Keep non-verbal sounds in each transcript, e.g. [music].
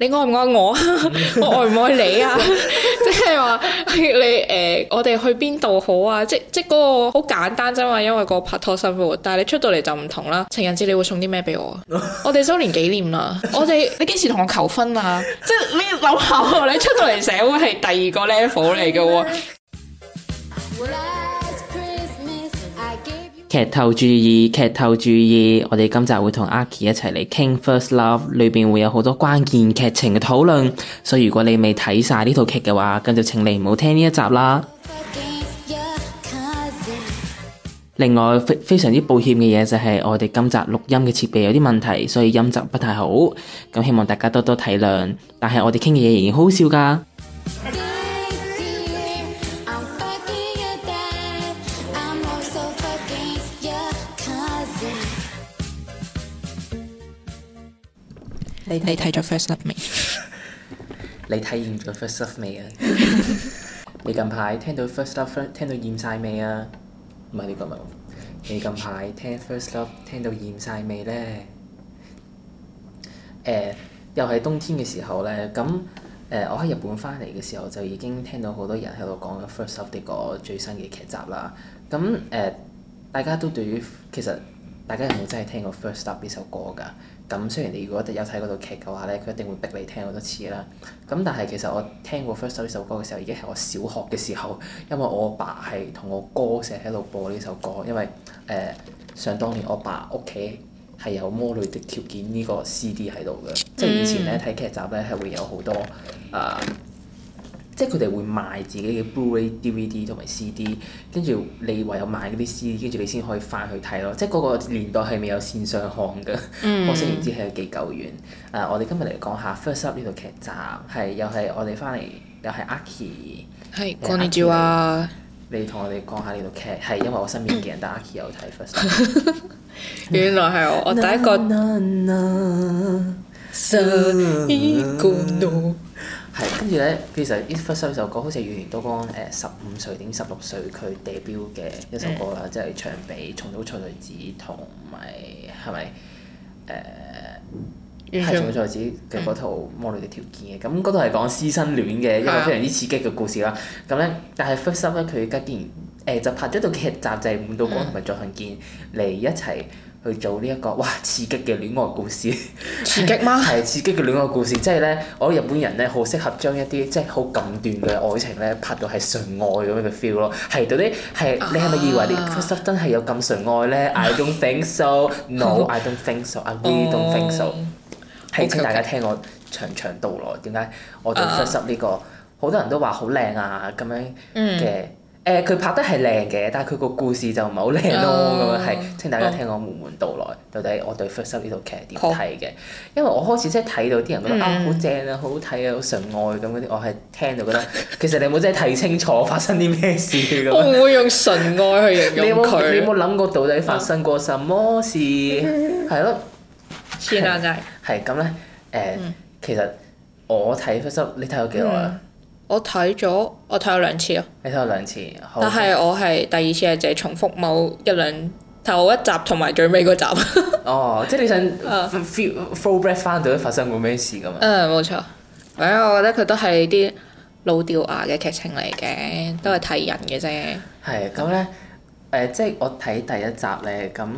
你愛唔愛我啊、？ [laughs] [laughs] 呃？我愛唔愛你啊？即係話你誒，我哋去邊度好啊？即即嗰個好簡單啫嘛，因為個拍拖生活。但係你出到嚟就唔同啦。情人節你會送啲咩俾我？ [laughs] 我哋周年紀念啦，我哋你幾時同我求婚啊？ [laughs] 即係你諗下，你出到嚟社會係第二個 level 嚟㗎喎。 [laughs] 劇透注意，劇透注意，我哋今集會同阿 k e 一齊嚟傾《First Love》裏邊會有好多關鍵劇情嘅討論，所以如果你未睇晒呢套劇嘅話，咁就請你唔好聽呢一集啦。 [music] 另外，非非常之抱歉嘅嘢就係我哋今集錄音嘅設備有啲問題，所以音質不太好，咁希望大家多多體諒。但係我哋傾嘅嘢仍然好好笑噶。 [music] 你睇咗 First Love 未？你體驗咗 First Love 未啊？你近排聽到 First Love，聽到厭晒未啊？唔係呢個問。你近排聽 First Love 聽到厭晒未呢？誒，又係冬天嘅時候呢。咁誒、呃，我喺日本翻嚟嘅時候就已經聽到好多人喺度講緊 First Love 呢個最新嘅劇集啦。咁誒、呃，大家都對於其實大家有冇真係聽過 First Love 呢首歌㗎？咁雖然你如果一有睇嗰套劇嘅話咧，佢一定會逼你聽好多次啦。咁但係其實我聽過 First Love 呢首歌嘅時候，已經係我小學嘅時候，因為我爸係同我哥成日喺度播呢首歌，因為誒，想、呃、當年我爸屋企係有《魔女的條件》呢、這個 CD 喺度嘅，嗯、即係以前咧睇劇集咧係會有好多啊。呃即係佢哋會賣自己嘅 Blu-ray、DVD 同埋 CD，跟住你唯有買嗰啲 CD，跟住你先可以翻去睇咯。即係嗰個年代係未有線上看嘅，嗯、可想唔知係幾久遠。誒、呃，我哋今日嚟講下 First Love 呢套劇集，係又係我哋翻嚟又係 Aki 是。こんにちは。你同我哋講下呢套劇，係因為我身邊嘅人，得係 Aki 有睇 First Love。 [coughs] [coughs] 原來係我， [coughs] 我第一個。Na na na, na, 係，跟住咧，其實《First Love》首歌好似宇多田光，誒十五歲定十六歲佢 debut 嘅一首歌啦，即係唱俾松嶋菜菜子同埋係咪誒？係松嶋菜菜子嘅嗰套《魔女嘅條件》嘅，咁嗰套係講師生戀嘅一個非常之刺激嘅故事啦。咁咧，但係《First Love》咧，佢而家竟然誒就拍咗套劇集，就係滿島光同埋佐藤健嚟一齊。去做呢、這、一個哇刺激嘅戀， [laughs] 戀愛故事，刺激嗎？係刺激嘅戀愛故事，即係咧，我覺得日本人咧好適合將一啲即係好禁斷嘅愛情咧拍到係純愛咁樣嘅 feel 咯，係到啲係你係咪以為你 First Love 真係有咁純愛咧、啊、？I don't think so,、啊、no, I don't think so, I really don't think so。係請大家聽我長長道來，點解我就 First Love 呢個好、啊、多人都話好靚啊咁樣嘅？嗯。誒佢拍得係靚嘅，但係佢個故事就唔係好靚咯。咁樣係請大家聽我緩緩道來，到底我對《First Love》呢套劇點睇嘅？因為我開始即係睇到啲人覺得啊好正啊，好睇啊，好純愛咁嗰啲，我係聽到覺得其實你有冇真係睇清楚發生啲咩事？我唔會用純愛去形容佢。你有冇諗過到底發生過什麼事？係咯 c h a 係咁咧。誒，其實我睇《First Love》，你睇咗幾耐啊？我睇咗，我睇咗兩次啊！你睇咗兩次？但係我係第二次係就係重複某一兩頭一集同埋最尾嗰集。 [laughs] 哦，即係你想 f u l l breath 翻到底發生過咩事噶嘛、嗯？嗯，冇錯。誒，我覺得佢都係啲老掉牙嘅劇情嚟嘅，都係睇人嘅啫。係咁咧，誒、嗯呃，即係我睇第一集咧咁。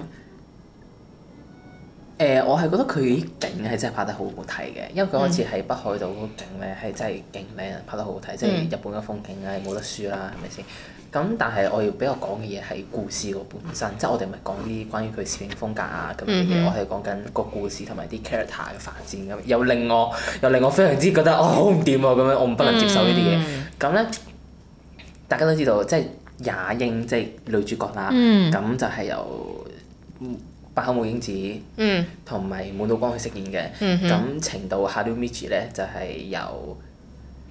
誒、呃，我係覺得佢啲景係真係拍得好好睇嘅，因為佢開始喺北海道嗰個景咧係真係勁靚，拍得好好睇，即係日本嘅風景啊，冇得輸啦，係咪先？咁但係我要比較講嘅嘢係故事個本身，即係我哋唔係講啲關於佢攝影風格啊咁嘅嘢，嗯、哼我係講緊個故事同埋啲 character 嘅發展咁，又令我又令我非常之覺得哦好唔掂喎咁樣，我唔不，不能接受、嗯、呢啲嘢，咁咧大家都知道即係雅英即係女主角啦，咁、嗯、就係由。嗯八口母英子同埋、嗯、滿島光去飾演嘅咁、嗯、哼程度下 e l l u m a 咧就係、是、由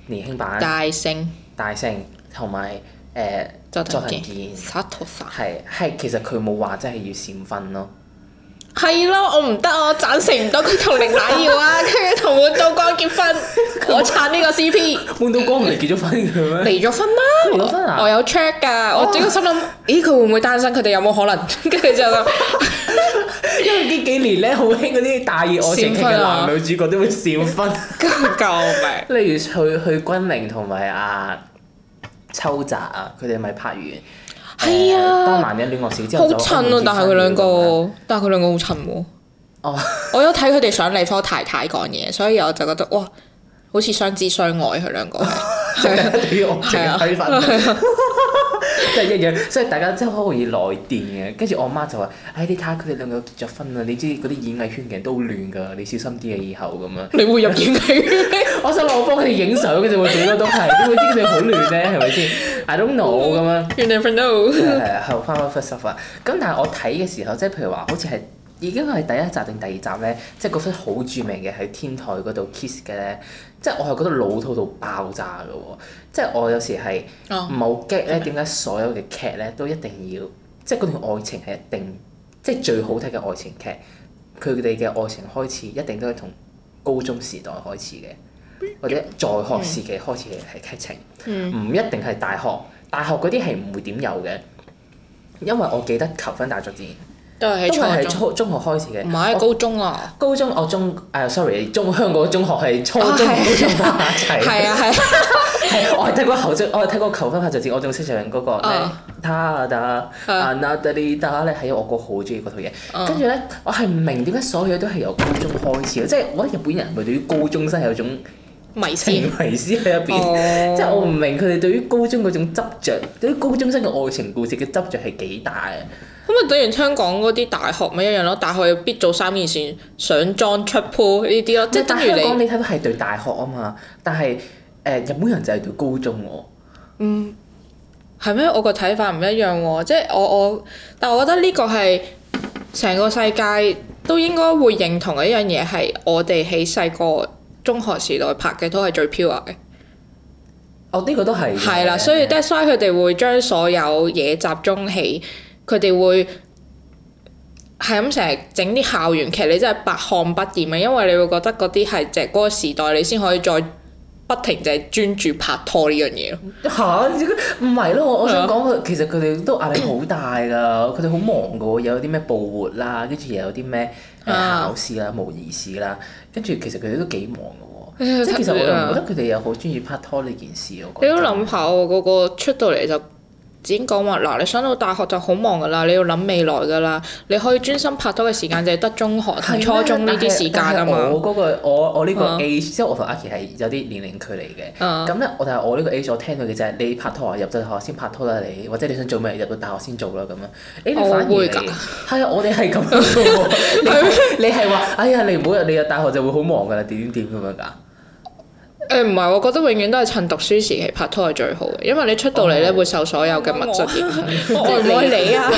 年輕版大聖聲大聖同埋誒佐藤健，係係其實佢冇話即係要閃婚咯。係咯，我唔得我贊成唔到佢同凌乃要啊，跟住同滿島光結婚， [laughs] 有我撐呢個 C P。滿島光唔係結咗婚嘅咩？離咗婚啦！離咗婚啊！我有 check 噶，oh. 我整個心諗，咦佢會唔會單身？佢哋有冇可能？跟住之後就， [laughs] [laughs] 因為呢幾年咧好興嗰啲大熱愛情劇嘅男女主角都會閃婚。 [laughs] 救命！ [laughs] 例如去去君寧同埋阿秋澤啊，佢哋咪拍完。係啊，好襯啊！但係佢兩個，但係佢兩個好襯喎。歇我有睇佢哋上《理科太太》講嘢，所以我就覺得哇，好似相知相愛佢兩個。即係對於 [laughs] 即係一樣，所以大家真係好容易來電嘅。跟住我媽就話，哎，你睇下佢哋兩個結咗婚啦，你知嗰啲演藝圈嘅人都亂㗎，你小心啲啊，以後咁樣。你會入演藝圈？我想我幫佢哋影相嘅啫，最多都係都會知佢哋好亂咧，係咪先？I don't know。咁樣。You never know。嗯。係係翻開 First Love 咁，但係我睇嘅時候，即係譬如話，好似係已經係第一集定第二集呢？即係嗰齣好著名嘅喺天台嗰度 kiss 嘅呢。即係我係覺得老套到爆炸嘅喎、哦，即係我有時係唔好激咧。點解？oh。所有嘅劇咧都一定要即係嗰段愛情係一定即係最好睇嘅愛情劇，佢哋嘅愛情開始一定都係從高中時代開始嘅，或者在學時期開始嘅係劇情，唔、mm. mm. 一定係大學。大學嗰啲係唔會點有嘅，因為我記得求婚大作戰。都係喺初中學開始嘅，唔係高中啊！高中我中誒，sorry，中香港中學係初中先拍一齊。係啊係啊，係我係睇過後中，我係睇過求婚下就似，我仲識唱嗰個咧 t 啊，d 啊 n a d a l i t 咧，係我個好中意嗰套嘢。跟住咧，我係唔明點解所有嘢都係由高中開始咯。即係我覺得日本人咪對於高中生有種迷情，迷思喺入邊。即係我唔明佢哋對於高中嗰種執著，對於高中生嘅愛情故事嘅執着係幾大？咁啊，等於香港嗰啲大學咪一樣咯，大學要必做三件事：上莊出鋪呢啲咯，即係是等於你。你睇到係對大學啊嘛，但係誒、呃、日本人就係對高中喎、哦。嗯，係咩？我個睇法唔一樣喎、哦，即係我我，但我覺得呢個係成個世界都應該會認同嘅一樣嘢係，我哋喺細個中學時代拍嘅都係最 pure 嘅。哦，呢、這個都係。係啦，所以 that's why 佢哋會將所有嘢集中起。佢哋會係咁成日整啲校園劇，你真係百看不厭啊！因為你會覺得嗰啲係即係嗰個時代，你先可以再不停就係專注拍拖呢樣嘢。嚇、啊！唔係咯，我想講 [coughs] 其實佢哋都壓力好大㗎，佢哋好忙㗎，有啲咩報活啦，跟住又有啲咩考試啦、模擬試啦，跟住其實佢哋都幾忙㗎喎。即係 [coughs] 其實我又唔覺得佢哋又好專注拍拖呢件事。我覺得 [coughs] 你都諗下喎，個個出到嚟就～只講話嗱，你上到大學就好忙噶啦，你要諗未來噶啦，你可以專心拍拖嘅時間就係得中學同初中呢啲嗎是時間啊嘛、那個。我嗰個 age、啊、我我呢個 a 即係我同阿 Aki e 係有啲年齡距離嘅。咁咧、啊、我就係我呢個 a 所 e 我聽到嘅就係你拍拖啊，入咗大學先拍拖啦你，或者你想做咩入到大學先做啦咁啊。誒、欸、你反而係會、哎、啊，我哋係咁嘅喎。你係話哎呀你唔好你入大學就會好忙噶啦點點點咁樣噶。誒唔係，我覺得永遠都係趁讀書時期拍拖係最好嘅，因為你出到嚟咧會受所有嘅物質影響，嗯嗯嗯。我唔 [laughs] 愛你啊！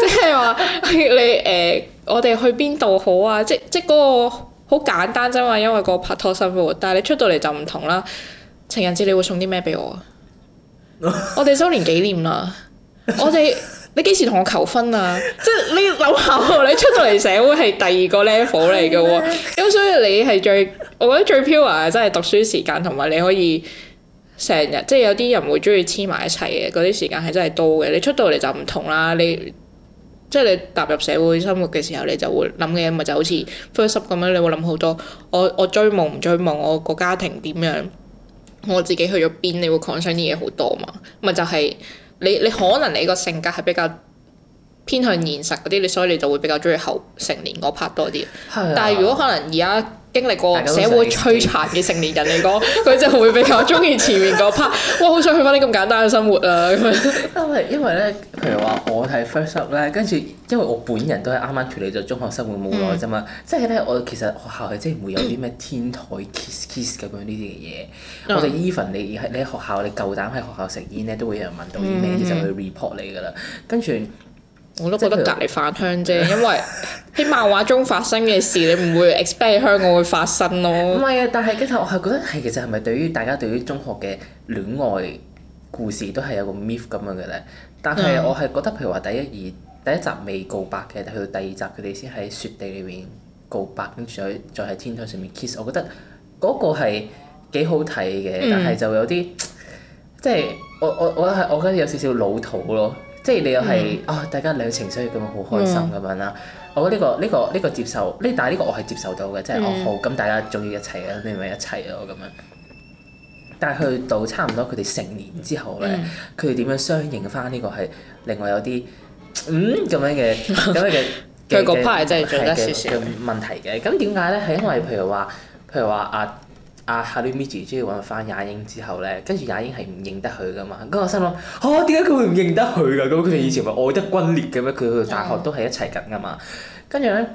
即係話你誒、呃，我哋去邊度好啊？即即嗰個好簡單啫嘛，因為個拍拖生活。但係你出到嚟就唔同啦。情人節你會送啲咩俾我啊？ [laughs] 我哋周年紀念啦， [laughs] 我哋。你幾時同我求婚啊？ [laughs] 即係你諗下你出到嚟社會係第二個 level 嚟嘅喎，咁 [laughs] 所以你係最我覺得最 pure，即係讀書時間同埋你可以成日，即係有啲人會中意黐埋一齊嘅嗰啲時間係真係多嘅。你出到嚟就唔同啦，你即係你踏入社會生活嘅時候，你就會諗嘅嘢咪就好似 First Love 咁樣，你會諗好多。我我追夢唔追夢，我個家庭點樣，我自己去咗邊，你會 concern 啲嘢好多嘛？咪就係、是。你你可能你個性格係比較偏向現實嗰啲，你所以你就會比較中意後成年嗰 part 多啲。是啊，但係如果可能而家。經歷過社會摧殘嘅成年人嚟講，佢 [laughs] 就會比較中意前面嗰 part。我好想去翻啲咁簡單嘅生活啊！樣因為因為咧，譬如話我睇 First Love 咧，跟住因為我本人都係啱啱脫離咗中學生活冇耐啫嘛，嗯、即係咧我其實學校係即係唔會有啲咩天台 kiss kiss 咁樣呢啲嘅嘢。我哋 even 你喺你喺學校，你夠膽喺學校食煙咧，都會有人問到你，名、嗯嗯、就去 report 你噶啦。跟住。我都覺得隔離飯香啫，因為喺漫畫中發生嘅事， [laughs] 你唔會 expect 香港會發生咯。唔係啊，但係嗰頭我係覺得，係其實係咪對於大家對於中學嘅戀愛故事都係有個 myth 咁樣嘅咧？但係我係覺得，譬、嗯、如話第一二第一集未告白嘅，去到第二集佢哋先喺雪地裏面告白，跟住再喺天台上面 kiss，我覺得嗰個係幾好睇嘅，但係就有啲即係我我我係我覺得有少少老土咯。即係你又係啊、嗯哦！大家你嘅情緒咁樣好開心咁樣啦，嗯、我覺得呢個呢、呢個呢、呢個接受呢，但係呢個我係接受到嘅，即係我、嗯哦、好咁大家仲要一齊啊，你咪一齊咯咁樣。但係去到差唔多佢哋成年之後咧，佢哋點樣相認翻呢個，係另外有啲嗯咁樣嘅咁樣嘅，佢個 part 真係做得少少問題嘅。咁點解咧？係因為譬如話，譬如話啊。啊，Harumichi，搵翻雅英之後咧，跟住雅英係唔認得佢噶嘛？咁我心諗，嚇，點解佢會唔認得佢噶？咁佢哋以前咪係愛得轟烈嘅咩？佢哋大學都係一齊緊噶嘛？跟住咧，誒、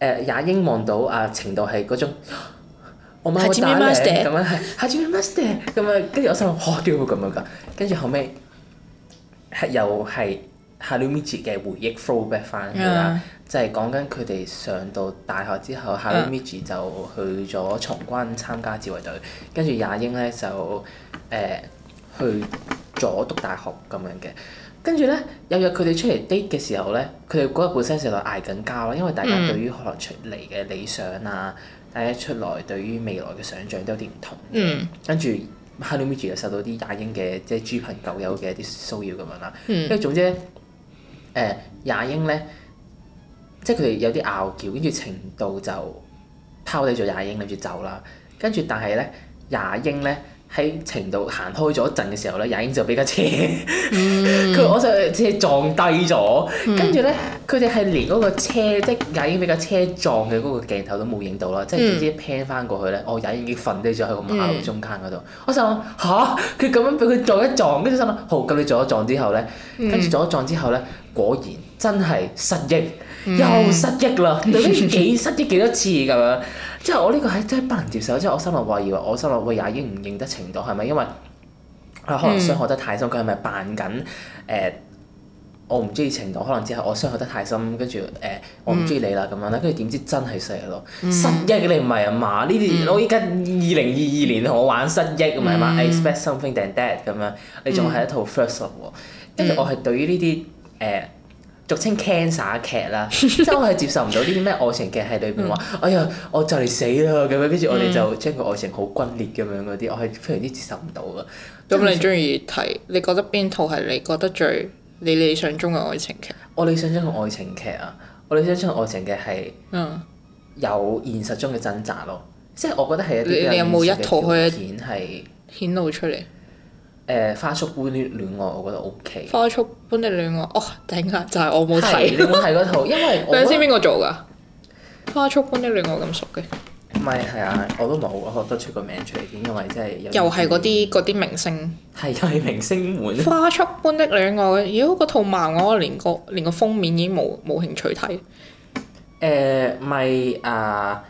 呃、雅英望到啊程度係嗰種，我冇打嚟咁樣，係，哈啾咪哈啾，咁樣跟住我心諗，嚇，點解會咁樣噶？跟住後尾，又係。Harumichi 嘅回憶 flow back 翻佢啦，即係講緊佢哋上到大學之後 Harumichi 就去咗從軍參加自衛隊，跟住亞英咧就誒、呃、去咗讀大學咁樣嘅。跟住咧有日佢哋出嚟 date 嘅時候咧，佢哋嗰日本身成日嗌緊交啦，因為大家對於可能出嚟嘅理想啊，mm. 大家出嚟對於未來嘅想像都有啲唔同嘅。Mm. 跟住 Harumichi 又受到啲亞英嘅即係豬朋狗友嘅一啲騷擾咁樣啦。跟住、mm. 總之。Mm. 誒也、呃、英咧，即係佢哋有啲拗撬，跟住程度就拋低咗也英諗住走啦。跟住但係咧，也英咧喺程度行開咗一陣嘅時候咧，也英就俾架車佢，嗯、 [laughs] 我就車撞低咗。嗯、跟住咧，佢哋係連嗰個車即係也英俾架車撞嘅嗰個鏡頭都冇影到啦。嗯、即係點知 pan 翻過去咧，哦，也英已經瞓低咗喺個馬路中間嗰度。嗯、我就諗吓，佢咁樣俾佢撞一撞，跟住心諗，好，咁你撞一撞之後咧，跟住撞一撞之後咧。果然真係失憶，mm. 又失憶啦！到底幾失憶幾多次咁樣？即係我呢個係真係不能接受，即係我心內懷疑，我心內會也英已經唔認得晴道，係咪？因為可能傷害得太深，佢係咪扮緊誒？我唔中意晴道，可能只係我傷害得太深，跟住誒我唔中意你啦咁樣啦。跟住點知真係失咗？Mm. 失憶你唔係啊嘛？呢啲、mm. 我依家二零二二年同我玩失憶唔係嘛？Expect something dead 咁樣，你仲係一套 First Love 喎、mm. 跟住我係對於呢啲。誒、uh, 俗稱 cancer 劇啦， [laughs] 即係我係接受唔到呢啲咩愛情劇喺裏邊話，哎呀我就嚟死啦咁樣，跟住我哋就將佢愛情好轟烈咁樣嗰啲，我係非常之接受唔到噶。咁、嗯、的你中意睇？你覺得邊套係你覺得最你理想中嘅愛情劇？我理想中嘅愛情劇啊，我理想中嘅愛情劇係有現實中嘅掙扎咯，嗯、即係我覺得係一啲。你有冇一套佢一演係顯露出嚟？誒、呃、花束般的戀愛，我覺得 O、OK、K。花束般的戀愛，哦頂啊！就係、是、我冇睇。你冇睇嗰套，因為我 [laughs] 你知邊個做㗎？花束般的戀愛咁熟嘅。唔係係啊，我都冇，我覺得出個名隨便，因為即係又係嗰啲啲明星。係又係明星們。花束般的戀愛，妖、呃、嗰套漫我連個連個封面已經冇冇興趣睇。誒咪、呃、啊！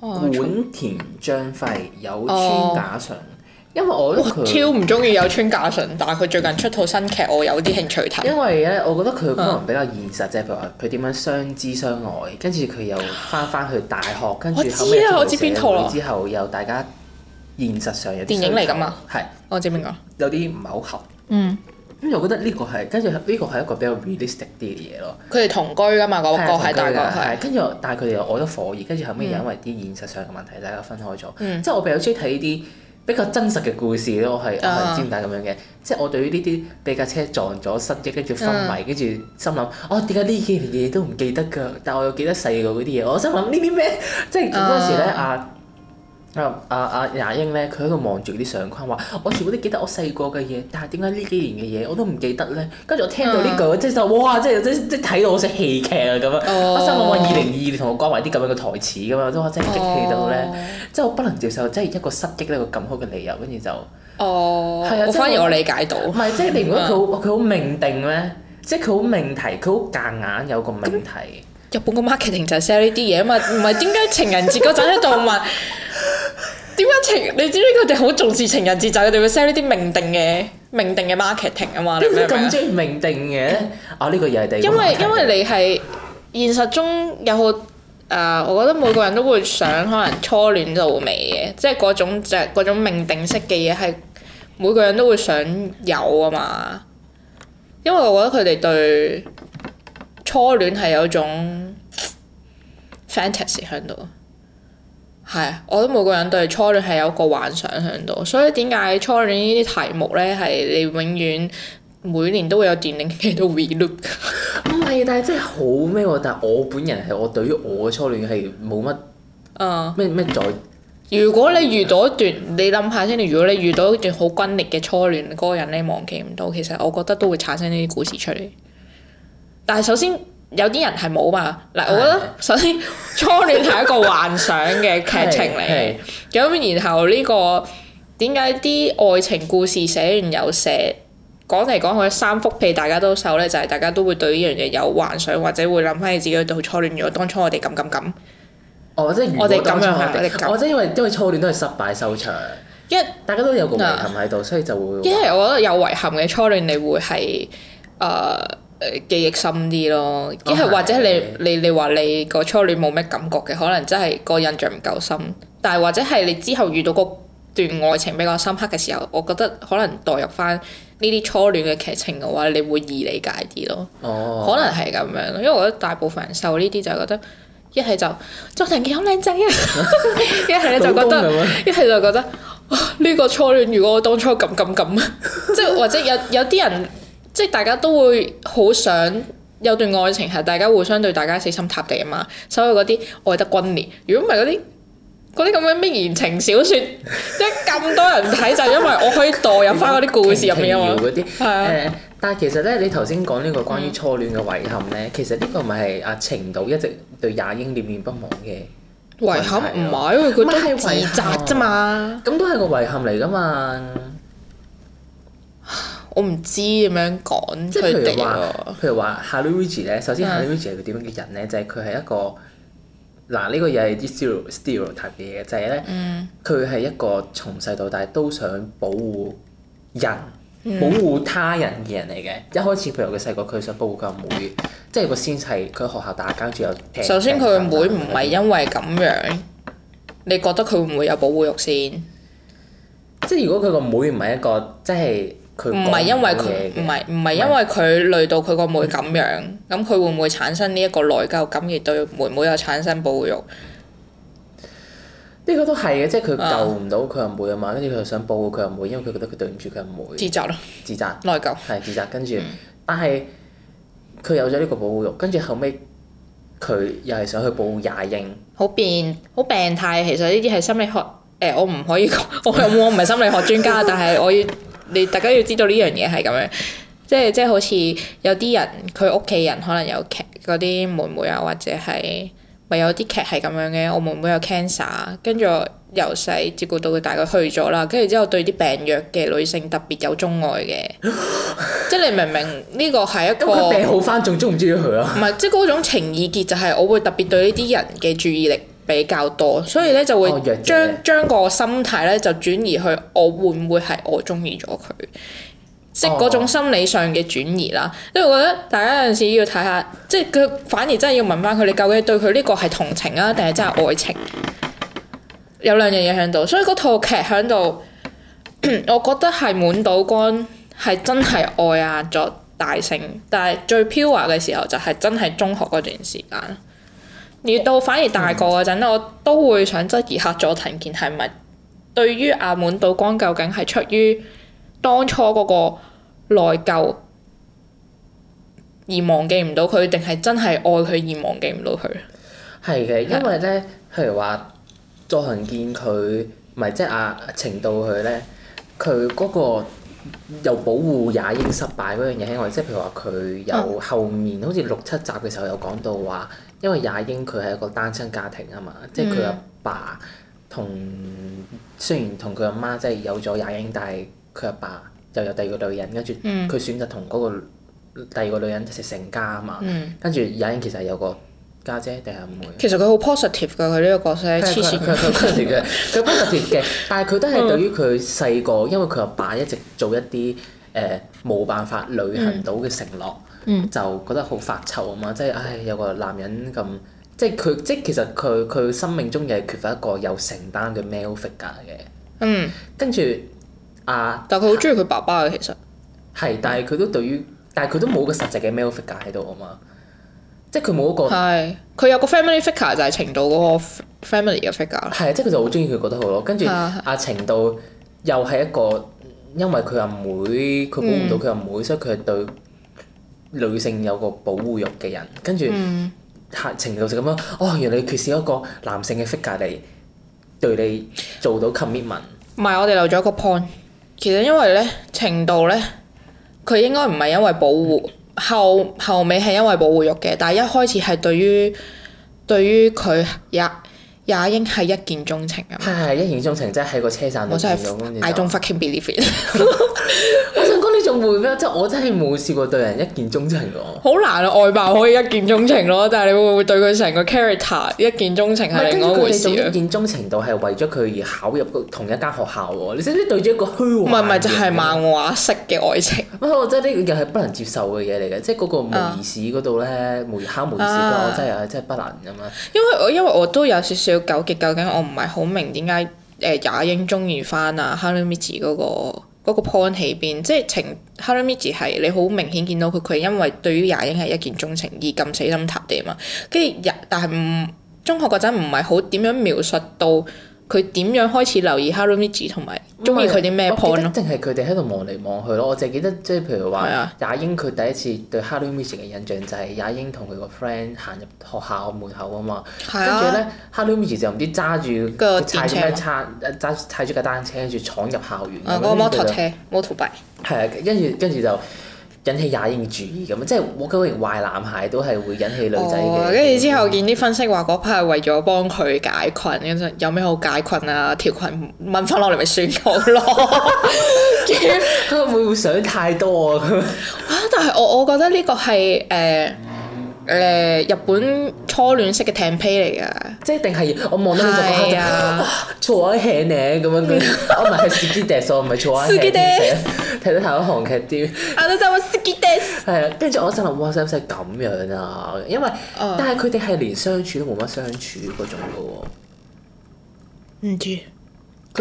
菅田將暉有村架純。Oh. 因為我覺得超唔中意有村架純，但係佢最近出套新劇，我有啲興趣睇。因為咧，我覺得佢可能比較現實，即係譬如話佢點樣相知相愛，跟住佢又翻返去大學，跟住後屘再寫。之後又大家現實上又電影嚟㗎嘛？係我知邊個？有啲唔係好合。嗯。咁又覺得呢個係跟住呢個係一個比較 realistic 啲嘅嘢咯。佢哋同居㗎嘛？嗰個係，但係跟住，但係佢哋又愛得火熱，跟住後尾又因為啲現實上嘅問題，大家分開咗。即係我比較中意睇呢啲。比較真實嘅故事咯，係知點解咁樣嘅，即係我對於呢啲被架車撞咗失憶，跟住昏迷，跟住心諗，哦，點解呢幾樣嘢都唔記得㗎？但我又記得細個嗰啲嘢，我心諗呢啲咩？即係嗰陣時咧，啊？阿阿雅英咧，佢喺度望住啲相框，話、啊啊啊：我全部都記得我細個嘅嘢，但係點解呢幾年嘅嘢我都唔記得咧？跟住我聽到呢、這、句、個，我、uh, 即就哇！即即即睇到好似戲劇啊咁啊！我心諗話：二零二二，你同我講埋啲咁樣嘅台詞噶嘛？我即激、uh, 即激氣到咧，即我不能接受，即一個失憶呢個咁好嘅理由，跟住就哦，啊、uh, 嗯，我反而我理解到，唔係、嗯啊、即你如果佢好佢好命定咩？嗯、即佢好命題，佢好夾硬有個命題。日本個 marketing 就 sell 呢啲嘢啊嘛，唔係點解情人節嗰陣喺度問？ [laughs] 啊點解情？你知唔知佢哋好重視情人節就係佢哋會 send 呢啲命定嘅命定嘅 marketing 啊嘛？點解咁鍾意命定嘅？ [laughs] 啊呢、呢個又係第因為因為你係現實中有好啊、呃，我覺得每個人都會想可能初戀到尾嘅，即係嗰種即嗰、呃、種命定式嘅嘢係每個人都會想有啊嘛。因為我覺得佢哋對初戀係有種 fantasy 喺度。係，我覺得每個人對初戀係有一個幻想喺度，所以點解初戀呢啲題目咧係你永遠每年都會有電影劇都 relook？唔係，但係真係好咩喎？但係我本人係我對於我嘅初戀係冇乜，啊咩咩在。如果你遇到一段，你諗下先。如果你遇到一段好轟烈嘅初戀，嗰、嗰個人咧忘記唔到，其實我覺得都會產生呢啲故事出嚟。但係首先。有啲人係冇嘛？嗱的，我覺得首先 [laughs] 初戀係一個幻想嘅劇情嚟，咁 [laughs] 的然後呢、這個點解啲愛情故事寫完又寫，講嚟講去三幅被，大家都受咧？就係、是、大家都會對呢樣嘢有幻想，或者會諗翻自己如果初戀如果當初我哋咁咁咁，哦，即係我哋咁樣，我即因為因為初戀都係失敗收場，因為大家都有遺憾喺度，所以就會，因為我覺得有遺憾嘅初戀你會係誒。呃記憶深啲咯，即係或者你你你話你個初戀冇咩感覺嘅，可能真係個印象唔夠深。但係或者係你之後遇到個段愛情比較深刻嘅時候，我覺得可能代入翻呢啲初戀嘅劇情嘅話，你會易理解啲咯。哦，可能係咁樣咯，因為我覺得大部分人受呢啲就係覺得一係就佐藤健好靚仔啊，一係你就覺得一係就覺得呢個初戀如果我當初咁咁咁，即係或者有有啲人。即係大家都會好想有段愛情係大家互相對大家死心塌地啊嘛，所以嗰啲愛得轟烈。如果唔係嗰啲嗰啲咁嘅咩言情小説，即咁多人睇就係因為我可以墮入翻嗰啲故事入面啊嘛。係啊，但係其實咧，你頭先講呢個關於初戀嘅遺憾咧，其實呢個咪係阿晴道一直對亞英念念不忘嘅遺憾，唔係，佢都係自責啫嘛。咁都係個遺憾嚟噶嘛。我唔知咁樣講佢哋喎，即係譬如話，譬如話 Harumichi 咧，首先 Harumichi 係佢點樣嘅人咧 Yeah.、這個？就係佢係一個嗱，呢個又係啲 stereotype 嘅嘢，就係咧，佢係一個從細到大都想保護人、mm. 保護他人嘅人嚟嘅。一開始譬如佢細個，佢想保護佢阿妹，即係個先係佢喺學校打交住有。首先，佢阿妹唔係因為咁樣，嗯、你覺得佢會唔會有保護欲先？即係如果佢個妹唔係一個，即係。唔係因為佢唔係唔係因為佢累到佢個妹咁樣，咁佢是會唔會產生呢一個內疚感而對妹妹又產生保護欲？呢個都係嘅，即係佢救唔到佢阿妹啊嘛，跟住佢又想保護佢阿妹，因為佢覺得佢對唔住佢阿妹。自責咯責疚，自責，內疚係自責。跟住、嗯，但係佢有咗呢個保護欲。跟住後尾，佢又係想去保護也英。好變好病態。其實呢啲係心理學，誒、欸，我唔可以講，我我唔係心理學專家， [laughs] 但係我要。你大家要知道呢樣嘢係咁樣，即係即係好似有啲人佢屋企人可能有劇嗰啲妹妹啊，或者係咪有啲劇係咁樣嘅？我妹妹有 cancer，跟住我由細照顧到佢大概去咗啦。跟住之後對啲病弱嘅女性特別有鍾愛嘅，即係你明明呢個係一個病好返仲鍾唔鍾意佢啊？唔係，即係嗰種情意結就係、是、我會特別對呢啲人嘅注意力比較多，所以咧就會將者將個心態咧就轉移去我會唔會係我中意咗佢，哦、即係嗰種心理上嘅轉移啦。哦、因為我覺得大家有陣時要睇下，即係佢反而真係要問翻佢，你究竟對佢呢個係同情啊，定係真係愛情？有兩樣嘢喺度，所以嗰套劇喺度， [coughs] 我覺得係滿島光係真係愛啊作大成，但係最 pure 嘅時候就係真係中學嗰段時間。而到反而大個嗰陣，我都會想質疑下佐藤健係咪對於阿滿島光究竟係出於當初嗰個內疚而忘記唔到佢，定係真係愛佢而忘記唔到佢？係嘅，因為咧，譬如話佐藤健佢，唔係即係阿程道佢咧，佢嗰個又保護也英失敗嗰樣嘢，我即係譬如話佢由後面、嗯、好似六七集嘅時候有講到話。因為雅英佢係一個單親家庭啊嘛，即係佢阿爸同、嗯、雖然同佢阿媽即係有咗雅英，但係佢阿爸又有第二個女人，跟住佢選擇同嗰個第二個女人一齊成家啊嘛。跟住雅英其實有個家姐定係阿妹。其實佢好 positive 㗎，佢呢個角色黐線嘅，佢佢 positive 嘅，但係佢都係對於佢細個，嗯、因為佢阿爸，爸一直做一啲誒冇辦法履行到嘅承諾。嗯就覺得好發臭啊嘛，即係唉有個男人咁，即係佢即係其實佢佢生命中又係缺乏一個有承擔嘅 male figure 嘅。嗯。跟住啊。但係佢好中意佢爸爸嘅其實。係，但係佢都對於，但係佢都冇個實際嘅 male figure 喺度啊嘛。嗯、即係佢冇一個。係，佢有個 family figure 就係程度嗰個 family 嘅 figure。係啊，即係佢就好中意佢覺得好咯。跟住啊，程度又係一個因為佢阿妹，佢保護到佢阿妹，嗯、所以佢對。女性有個保護欲嘅人，跟住嚇、嗯、程度就咁樣，哦，原來你缺少一個男性嘅 figure 嚟對你做到 commitment。唔係，我哋漏咗一個 point。其實因為呢程度呢，佢應該唔係因為保護，後後尾係因為保護欲嘅，但係一開始係對於對於佢也英係一見鐘情啊！係係，一見鐘情，即係喺個車站度。我真係，I don't fucking believe it！ [laughs] [laughs] 我想講你仲會咩？即係我真係冇試過對人一見鐘情嘅。好難啊！外貌可以一見鐘情咯，但係你會唔會對佢成個 character 一見鐘情係另一回事，一見鐘情到係為咗佢而考入同一間學校喎！你知唔知對住一個虛幻？唔係唔係，就係、是、漫畫式嘅愛情。不過！我真係呢個又係不能接受嘅嘢嚟嘅，即係嗰個無疑事嗰度咧，無疑敲無疑事，我真係真係不能咁樣。因為我因為我都有少少。要糾結，究竟我唔係好明點解誒，也英中意翻啊 HelloMitz 嗰個嗰個 point 喺邊，即係情 HelloMitz 係你好明顯見到佢，佢係因為對於也英係一見鍾情而咁死心塌地啊嘛，跟住但係唔中學嗰陣唔係好點樣描述到。佢點樣開始留意 Harumichi 同埋中意佢啲咩 point 咯？定係佢哋喺度望嚟望去咯。我淨係記得，即係譬如話，雅、啊、英佢第一次對 Harumichi 嘅印象就係、是、雅英同佢個 friend 行入學校門口啊嘛。跟住咧，Harumichi 就唔知揸住踩住咩叉，揸踩住架單車，跟住闖入校園。啊，那個、摩托車，摩托 bike 係啊，跟住跟住就。引起異性注意，咁即係我覺得壞男孩都係會引起女仔嘅。跟住之後見啲分析話嗰排係為咗幫佢解困，跟住有咩好解困啊？條裙問翻落嚟咪算咁咯。佢會唔會想太多啊？ [laughs] 啊！但係我我覺得呢個係誒。呃 [laughs] 誒日本初戀式嘅 t a 舔皮嚟㗎，即，一定係我望到你就覺得坐喺起呢咁樣 [laughs] 我唔係斯基大叔唔係坐喺起嘅，睇到睇到韓劇啲。啊！你真係話斯基大叔。係啊，跟住我一陣話，哇使唔使咁樣啊？因為但係佢哋係連相處都冇乜相處嗰種嘅喎。唔知，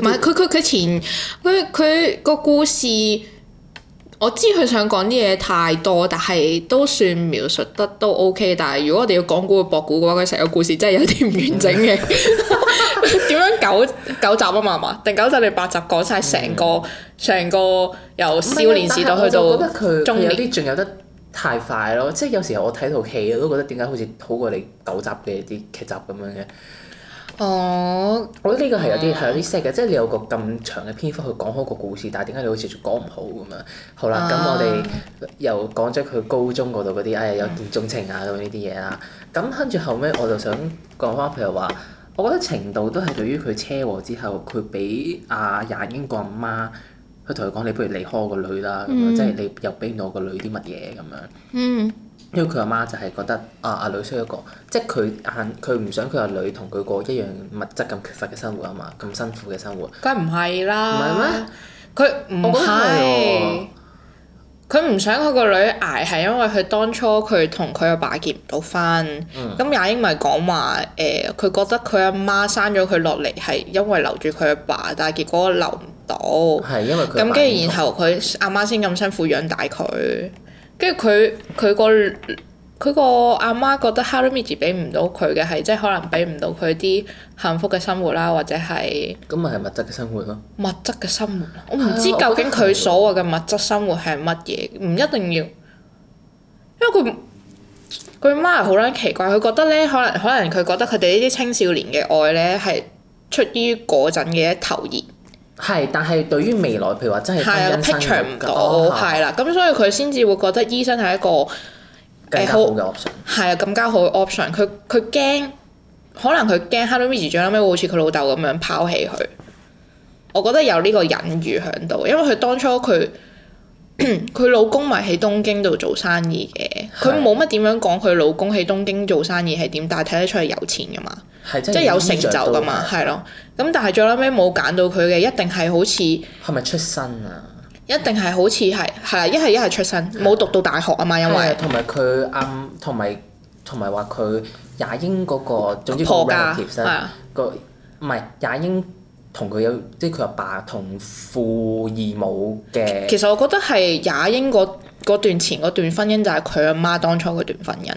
唔係佢佢佢前佢佢個故事。我知佢想講啲嘢太多，但係都算描述得都 OK。但係如果我哋要講古嘅博古嘅話，佢成個故事真係有啲唔完整嘅。點 [laughs] 樣九九集啊嘛係嘛？定九集定八集講晒成個成、嗯、個由少年時代去到仲有啲，仲有得太快咯。即係有時候我睇套戲我都覺得點解好似好過你九集嘅啲劇集咁樣嘅。哦，oh, oh, 我覺得呢個係有啲係有啲 sad 嘅，即係你有個咁長嘅篇幅去講好個故事，但係點解你好似講唔好咁樣？好啦，咁、oh. 我哋又講咗佢高中嗰度嗰啲，哎呀有見鍾情啊咁呢啲嘢啦。咁跟住後尾我就想講翻，譬如話，我覺得程度都係對於佢車禍之後，佢俾阿也英個阿媽去同佢講，你不如離開我個女啦，咁、mm. 即係你又俾我個女啲乜嘢咁樣。嗯。Mm. 因為佢阿媽，媽就係覺得啊，阿女需要一個，即係佢眼佢唔想佢阿女同佢過一樣物質咁缺乏嘅生活啊嘛，咁辛苦嘅生活。梗係唔係啦？唔係咩？佢唔係，佢唔、哦、想佢個女捱係因為佢當初佢同佢阿爸結唔到婚。咁也英咪講話誒，佢、嗯、覺得佢阿媽，媽生咗佢落嚟係因為留住佢阿爸，但係結果留唔到。係因為佢咁，跟住然後佢阿媽先咁辛苦養大佢。跟住佢佢個佢個阿媽覺得 Harmony 俾唔到佢嘅係，即係可能俾唔到佢啲幸福嘅生活啦，或者係咁咪係物質嘅生活咯。物質嘅生、生活，我唔知究竟佢所謂嘅物質生活係乜嘢，唔一定要。因為佢佢媽咪好撚奇怪，佢覺得咧，可能可能佢覺得佢哋呢啲青少年嘅愛咧，係出於嗰陣嘅一頭熱。係，但係對於未來，譬如話真係跟唔到，係啦、啊，咁、哦、所以佢先至會覺得醫生係一個誒好嘅 option，係啊，更加好嘅 option。佢佢驚，可能佢驚 Hello Miss 最後尾好似佢老豆咁樣拋棄佢。我覺得有呢個隱喻喺度，因為佢當初佢。佢 [coughs] 老公咪喺東京度做生意嘅，佢冇乜點樣講佢老公喺東京做生意係點的，但係睇得出係有錢噶嘛，的即係有成就噶嘛，係咯、嗯。咁的但係最後尾冇揀到佢嘅，一定係好似係咪出身啊？一定係好似係係一係一係出身冇的讀到大學啊嘛，因為同埋佢啊同埋同埋話佢也英嗰、那個總之婆家個唔係也英。同佢有，即係佢阿爸同父異母嘅。其實我覺得係雅英嗰段前嗰段婚姻就係佢阿媽當初嗰段婚姻。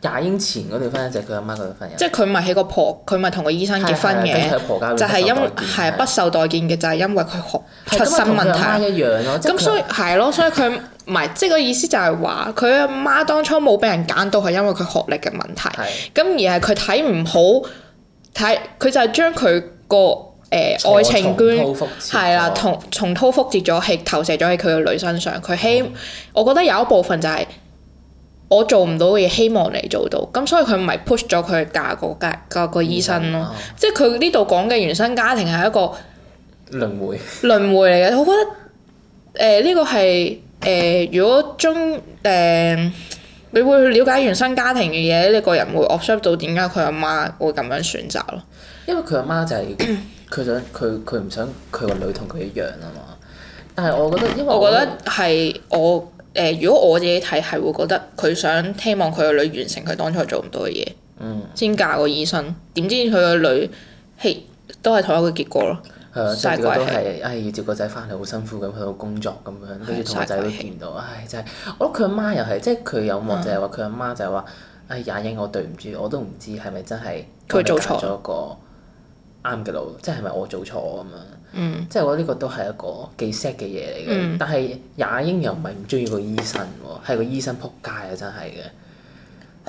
雅英前嗰段婚姻就係佢阿媽嗰段婚姻。即係佢咪喺個婆，佢咪同個醫生結婚嘅。就係因係是不受待見嘅，就係因為佢學出身問題。咁一樣咯。咁所以係咯， [laughs] 所以佢唔係，即係個意思就係話佢阿媽當初冇俾人揀到，係因為佢學歷嘅問題。咁的 [laughs] 而係佢睇唔好，睇佢就係將佢個。誒、呃、從愛情觀係啦，同重複複製咗，係投射咗喺佢個女身上。佢希，嗯、我覺得有一部分就係我做唔到嘅嘢，希望你做到。咁所以佢咪 push 咗佢嫁嗰個個醫生咯。嗯嗯、即係佢呢度講嘅原生家庭係一個輪迴，輪迴嚟嘅。呵呵我覺得誒呢、呃這個係誒、呃，如果中誒、呃、你會去了解原生家庭嘅嘢，呢個人會 absorb 到點解佢阿媽會咁樣選擇咯。因為佢阿媽就係。 [coughs] 佢想佢佢唔想佢個女同佢一樣啊嘛，但係我覺得，因為我覺得係我誒、呃，如果我自己睇係會覺得佢想希望佢個女完成佢當初做唔到嘅嘢，嗯，先嫁個醫生，點知佢個女，嘿，都係同一個結果咯，係、嗯、啊，都係，唉，要、哎、接個仔翻嚟好辛苦咁去到工作咁樣，跟住同個仔都見到，唉、哎，真係，我覺得佢阿媽又係，即係佢有望，嗯、就係話佢阿媽就係話，唉、哎，雅英，我對唔住，我都唔知係咪真係佢做錯咗個。啱嘅咯，即係咪我做錯咁樣？即係我呢個都係一個幾 set 嘅嘢嚟嘅。但係雅英又唔係唔中意個醫生喎，係個醫生仆街啊，真係嘅。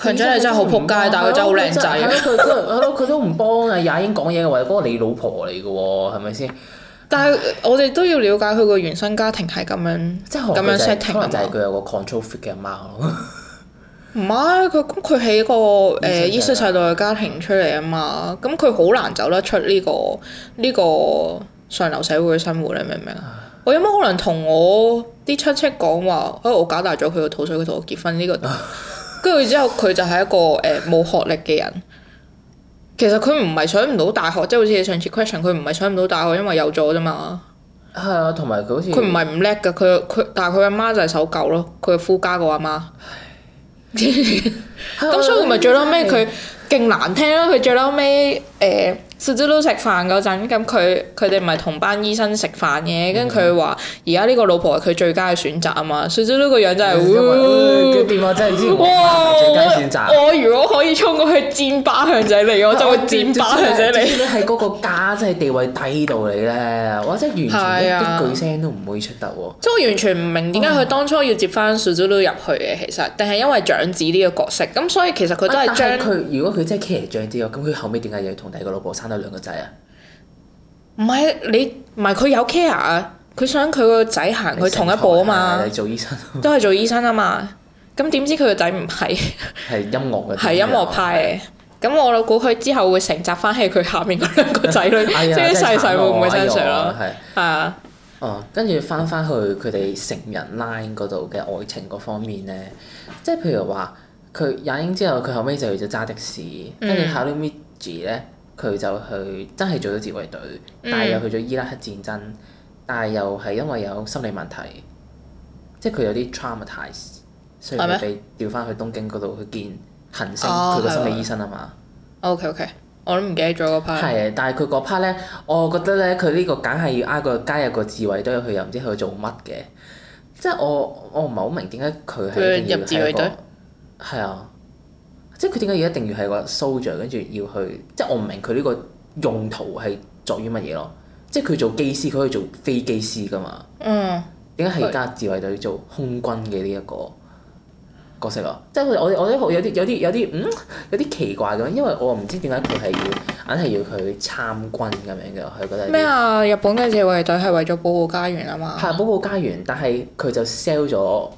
強仔你真係好仆街，但係佢真係好靚仔。係佢都唔幫啊雅英講嘢嘅，或者嗰個你老婆嚟嘅喎，係咪先？但係我哋都要了解佢個原生家庭係咁樣，即係咁、就是、樣 setting 啊就係佢有個 control freak 嘅媽咯。唔係，佢佢喺個誒醫生世家嘅家庭出嚟啊嘛，咁佢好難走得出呢、這個呢、這個上流社會嘅生活你明唔明？ [laughs] 我有乜可能同我啲親戚講話、哎？我搞大咗佢個肚，所以佢同我結婚呢、這個就是、 [laughs] 個。跟住之後，佢就係一個誒冇學歷嘅人。其實佢唔係上唔到大學，即係好似你上次 question，佢唔係上唔到大學，因為有咗啫嘛。係啊， [laughs] 同埋佢好似佢唔係唔叻㗎，佢佢但係佢阿媽就係守舊咯，佢夫家個阿媽。咁、 [laughs] 嗯、 [laughs] 所以咪最嬲尾佢勁難聽咯，佢最嬲尾誒。蘇 izzle 食飯嗰陣，咁佢佢哋唔係同班醫生食飯嘅，跟佢話而家呢個老婆係佢最佳嘅選擇啊嘛。蘇 izzle 個樣真係，嘅電話真係知哇！我如果可以衝過去戰霸向仔你，我就會戰霸向仔你。你喺嗰個家真係地位低到你咧，哇！真係完全一句 [laughs] 聲都唔會出得喎。 [laughs] 即係我完全唔明點解佢當初要接翻蘇 izzle 入去嘅，其實定係因為長子呢個角色。咁所以其實佢都係將佢，如果佢真係 care 長子，咁佢後尾點解又要同第二個老婆生到兩個仔啊？唔係你，唔係佢有 care 啊？佢想佢個仔行佢同一步啊嘛。做醫生都係做醫生啊嘛。咁點知佢個仔唔係，係音樂嘅，係音樂派嘅。咁我老估佢之後會承襲翻喺佢下面嗰兩個仔女，即係細細會唔會爭水咯？係啊。哦，跟住翻翻去佢哋成人 line 嗰度嘅愛情嗰方面咧，即係譬如話佢雅英之後，佢後尾就去咗揸的士，跟住考到 Miz 咧。佢就去真係做咗自衛隊，嗯、但係又去咗伊拉克戰爭，但係又係因為有心理問題，即係佢有啲 traumatise，嗎所以佢被調翻去東京嗰度去見行星。佢個、啊、心理醫生啊嘛。嗎 OK OK，我都唔記得咗嗰 part。係，但係佢嗰 part 咧，我覺得咧，佢呢個梗係要挨個加入個自衛隊去，又唔知佢做乜嘅。即係我我唔係好明點解佢係要入自衛隊。係啊。即係佢點解要一定要係個 soldier，跟住要去，即係我唔明佢呢個用途係作於乜嘢咯？即係佢做機師，佢可以做飛機師噶嘛？嗯。點解係加自衛隊做空軍嘅呢一個角色啊？嗯、即係我我我有啲有啲有啲嗯有啲奇怪咁，因為我唔知點解佢係要硬係要佢參軍咁樣嘅，佢係覺得。咩啊？日本嘅自衛隊係為咗保護家園啊嘛。係保護家園，但係佢就 sell 咗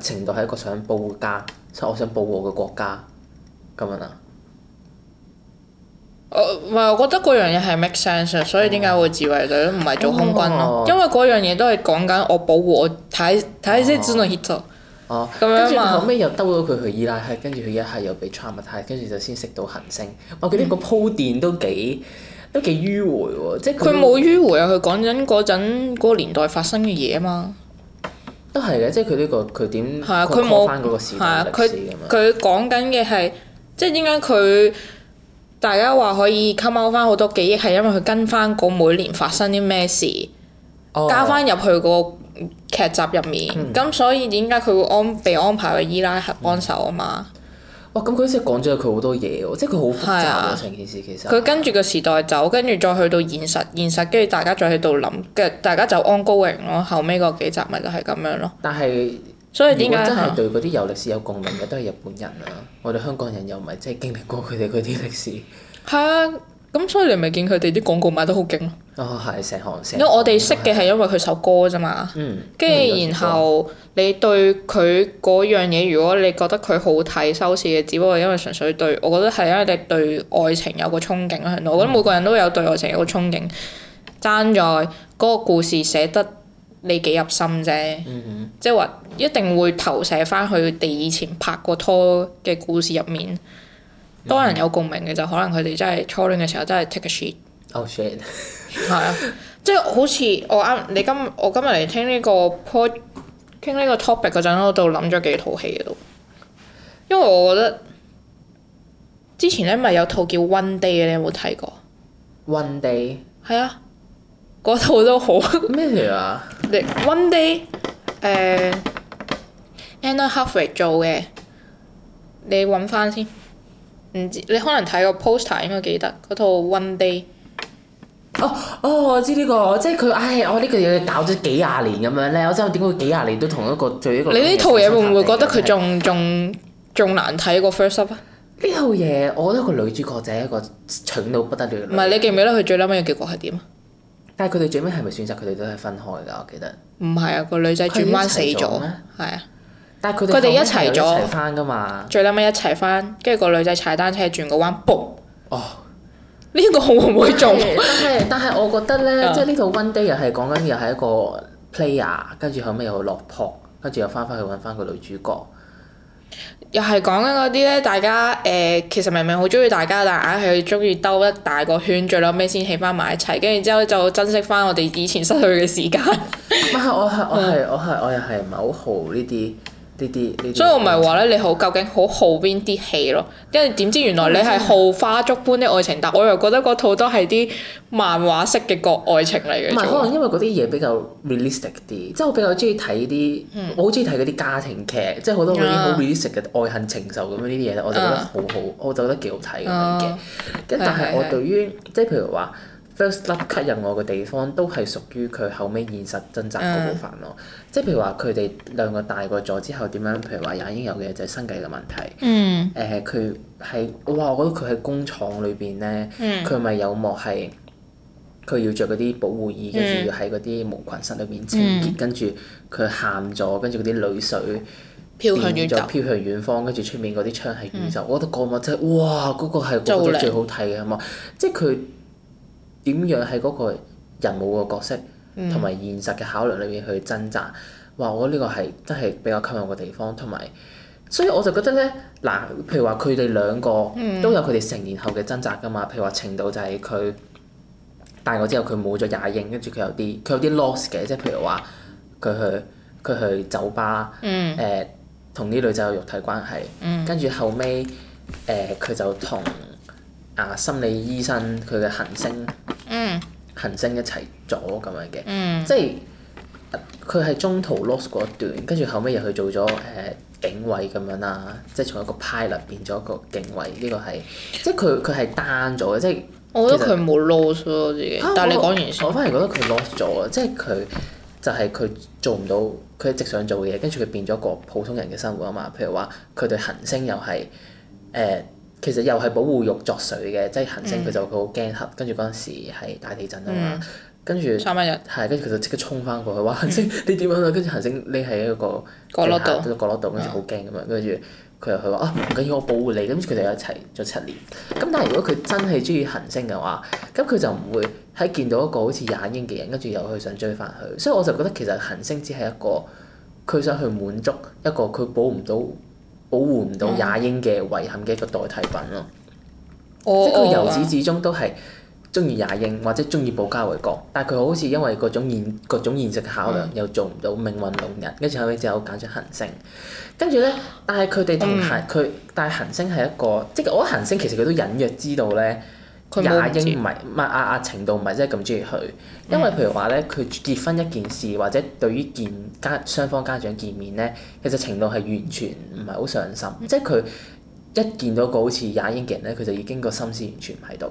程度係一個想保護家。我想保護我嘅國家，咁樣啊？我唔係我覺得嗰樣嘢係 make sense，所以點解會自衛隊唔係做空軍咯、啊？因為嗰樣嘢都係講緊我保護我睇睇先先到 h i 哦。跟住後尾又兜咗佢去伊拉克，跟住佢一係又俾 trouble 跟住就先食到行星。我覺得個鋪墊都幾、嗯、都幾迂回喎、啊，即係。佢冇迂回啊！佢講緊嗰陣個年代發生嘅嘢啊嘛。都係嘅，即係佢呢個佢點係啊，佢冇，係啊？佢講緊嘅係，即係點解佢大家話可以 cover 翻好多記憶，係因為佢跟翻個每年發生啲咩事，哦、加翻入去個劇集入面，咁、嗯、所以點解佢會安被安排個伊拉克幫手啊嘛？嗯嗯嗯。哇！咁佢先講咗佢好多嘢喎、哦，即係佢好複雜成、哦啊、件事其實佢跟住個時代走，跟住再去到現實，現實跟住大家再喺度諗，嘅大，大家就安高 g o 咯，後尾嗰幾集咪就係咁樣咯。但係是，所以點解真係對嗰啲有歷史有共鳴嘅都係日本人啊？我哋香港人又唔係即係經歷過佢哋嗰啲歷史。係啊。咁所以你咪見佢哋啲廣告賣得好勁咯。哦、係成行成、因為我哋識嘅係因為佢首歌啫嘛。跟住、嗯、然後你對佢嗰樣嘢，嗯、如果你覺得佢好睇、嗯、收視嘅，只不過因為純粹對，我覺得係因為你對愛情有個憧憬喺度、嗯、我覺得每個人都有對愛情有個憧憬，爭在嗰個故事寫得你幾入心啫。即係話一定會投射翻去佢哋以前拍過拖嘅故事入面。多人有共鳴嘅就可能佢哋真係初戀嘅時候真係 take a shit。Oh shit！係 [laughs] 啊， [laughs] 即係好似我啱你今我今日嚟聽呢個 pod 傾呢個 topic 嗰陣，我度諗咗幾套戲都，因為我覺得之前咧咪有套叫 One Day 嘅，你有冇睇過？One Day。係啊，嗰套都好。咩嚟啊？One Day，誒，Anne Hathaway 做嘅，你揾翻先。唔知你可能睇個 poster 應該記得嗰套 One Day。哦哦，我知呢個，即係佢唉，我呢個嘢搞咗幾廿年咁樣咧，我真係點解幾廿年都同一個最一個。一個你呢套嘢會唔會覺得佢仲仲仲難睇過 First Love 啊？呢套嘢我覺得個女主角就係一個蠢到不得了。唔係，你記唔記得佢最嬲尾嘅結果係點啊？但係佢哋最尾係咪選擇佢哋都係分開㗎？我記得。唔係啊，個女仔轉彎死咗，係啊。但佢哋一齊咗，一齊翻噶嘛？最撚尾一齊翻，跟住個女仔踩單車轉個彎，boom！哦，呢個好唔好做？但係，但係我覺得咧，嗯、即係呢套 One Day 又係講緊又係一個 player，跟住後屘又落魄，跟住又翻返去揾翻個女主角。又係講緊嗰啲咧，大家誒、呃，其實明明好中意大家，但係硬係中意兜一大個圈，最撚尾先起翻埋一齊，跟住之後就珍惜翻我哋以前失去嘅時間。唔 [laughs] 係、嗯，我係我係我係我又係唔係好豪呢啲？呢啲， [noise] 所以我咪話咧，你好究竟好好邊啲戲咯？因為點知原來你係好花足般嘅愛情，但我又覺得嗰套都係啲漫畫式嘅國愛情嚟嘅。唔係，可能因為嗰啲嘢比較 realistic 啲，即係我比較中意睇啲，嗯、我好中意睇嗰啲家庭劇，即係好多嗰啲好 realistic 嘅愛恨情仇咁樣呢啲嘢咧，我就覺得好好，啊、我就覺得幾好睇咁樣嘅。咁、啊啊、但係我對於即係譬如話。第一粒吸引我嘅地方都係屬於佢後尾現實掙扎嗰部分咯，mm. 即係譬如話佢哋兩個大個咗之後點樣？譬如話也英有嘅就係生計嘅問題。嗯、mm. 呃。誒，佢喺，哇！我覺得佢喺工廠裏邊咧，佢咪、mm. 有幕係佢要着嗰啲保護衣，跟住喺嗰啲無菌室裏面清潔，跟住佢喊咗，跟住嗰啲淚水漂向遠走，漂向遠方，跟住出面嗰啲窗係宇宙。Mm. 我覺得嗰幕真係哇！嗰、嗰個係我覺得最好睇嘅幕，好即係佢。點樣喺嗰個人母個角色同埋現實嘅考慮裏面去掙扎？哇！我呢個係真係比較吸引我嘅地方，同埋所以我就覺得咧，嗱，譬如話佢哋兩個都有佢哋成年後嘅掙扎㗎嘛。譬如話程度就係佢大個之後佢冇咗廿影，跟住佢有啲佢有啲 loss 嘅，即係譬如話佢去佢去酒吧誒同啲女仔有肉體關係，嗯呃、跟住後尾，誒佢就同。啊！心理醫生佢嘅行星，mm. 行星一齊咗咁樣嘅、mm. 啊呃，即係佢係中途 loss 嗰一段，跟住後尾又去做咗誒警衛咁樣啦，即係從一個 pilot 變咗一個警衛，呢、這個係即係佢佢係單咗嘅，即係我覺得佢冇 loss 咯，自己。啊、但係你講完先我。我反而覺得佢 lost 咗即係佢就係、是、佢做唔到佢一直想做嘅嘢，跟住佢變咗一個普通人嘅生活啊嘛。譬如話佢對行星又係誒。啊啊啊啊啊啊啊啊其實又係保護欲作祟嘅，即係恆星佢就佢好驚黑，嗯、跟住嗰陣時係大地震啊嘛，嗯、跟住，三跟住佢就即刻衝翻過去話恆星你點樣啊？跟住恆星匿喺一個角落度，喺角落度跟住好驚咁樣，跟住佢又佢話啊唔緊要，我保護你，跟住，佢哋一齊咗七年。咁但係如果佢真係中意恆星嘅話，咁佢就唔會喺見到一個好似眼影嘅人，跟住又去想追翻佢，所以我就覺得其實恆星只係一個，佢想去滿足一個佢保唔到。保護唔到也英嘅遺憾嘅一個代替品咯，oh，即係佢由始至終都係中意也英或者中意保家衛國，但係佢好似因為各種現各種現實嘅考量，oh。又做唔到命運弄人，跟住後尾就揀咗恆星，跟住咧，但係佢哋同恆佢，但係恆星係一個，即係我覺得恆星其實佢都隱約知道咧。也英唔係唔係啊啊，啊程度唔係真係咁中意佢，因為譬如話咧，佢結婚一件事或者對於見家雙方家長見面咧，其實程度係完全唔係好上心，嗯、即係佢一見到、個好似也英嘅人咧，佢就已經個心思完全唔喺度。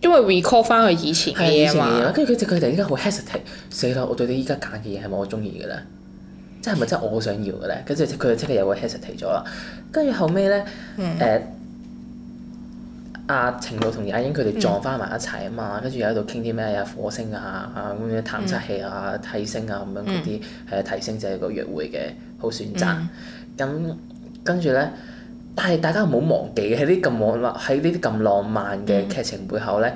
因為 recall 翻佢以前嘅嘢啊嘛，跟住佢就佢哋依家好 hesitate，死啦！我對你依家揀嘅嘢係咪我中意嘅咧？即係咪真係我好想要嘅咧？跟住佢哋即係又會 hesitate 咗啦。跟住後尾咧誒。嗯嗯阿程度同阿英佢哋撞翻埋一齊啊嘛，跟住又喺度傾啲咩啊，火星啊啊咁樣探測器啊睇、嗯、星啊咁樣嗰啲，誒睇星就係個約會嘅好選擇。咁跟住咧，但係大家唔好忘記喺呢咁浪喺呢啲咁浪漫嘅劇情背後咧，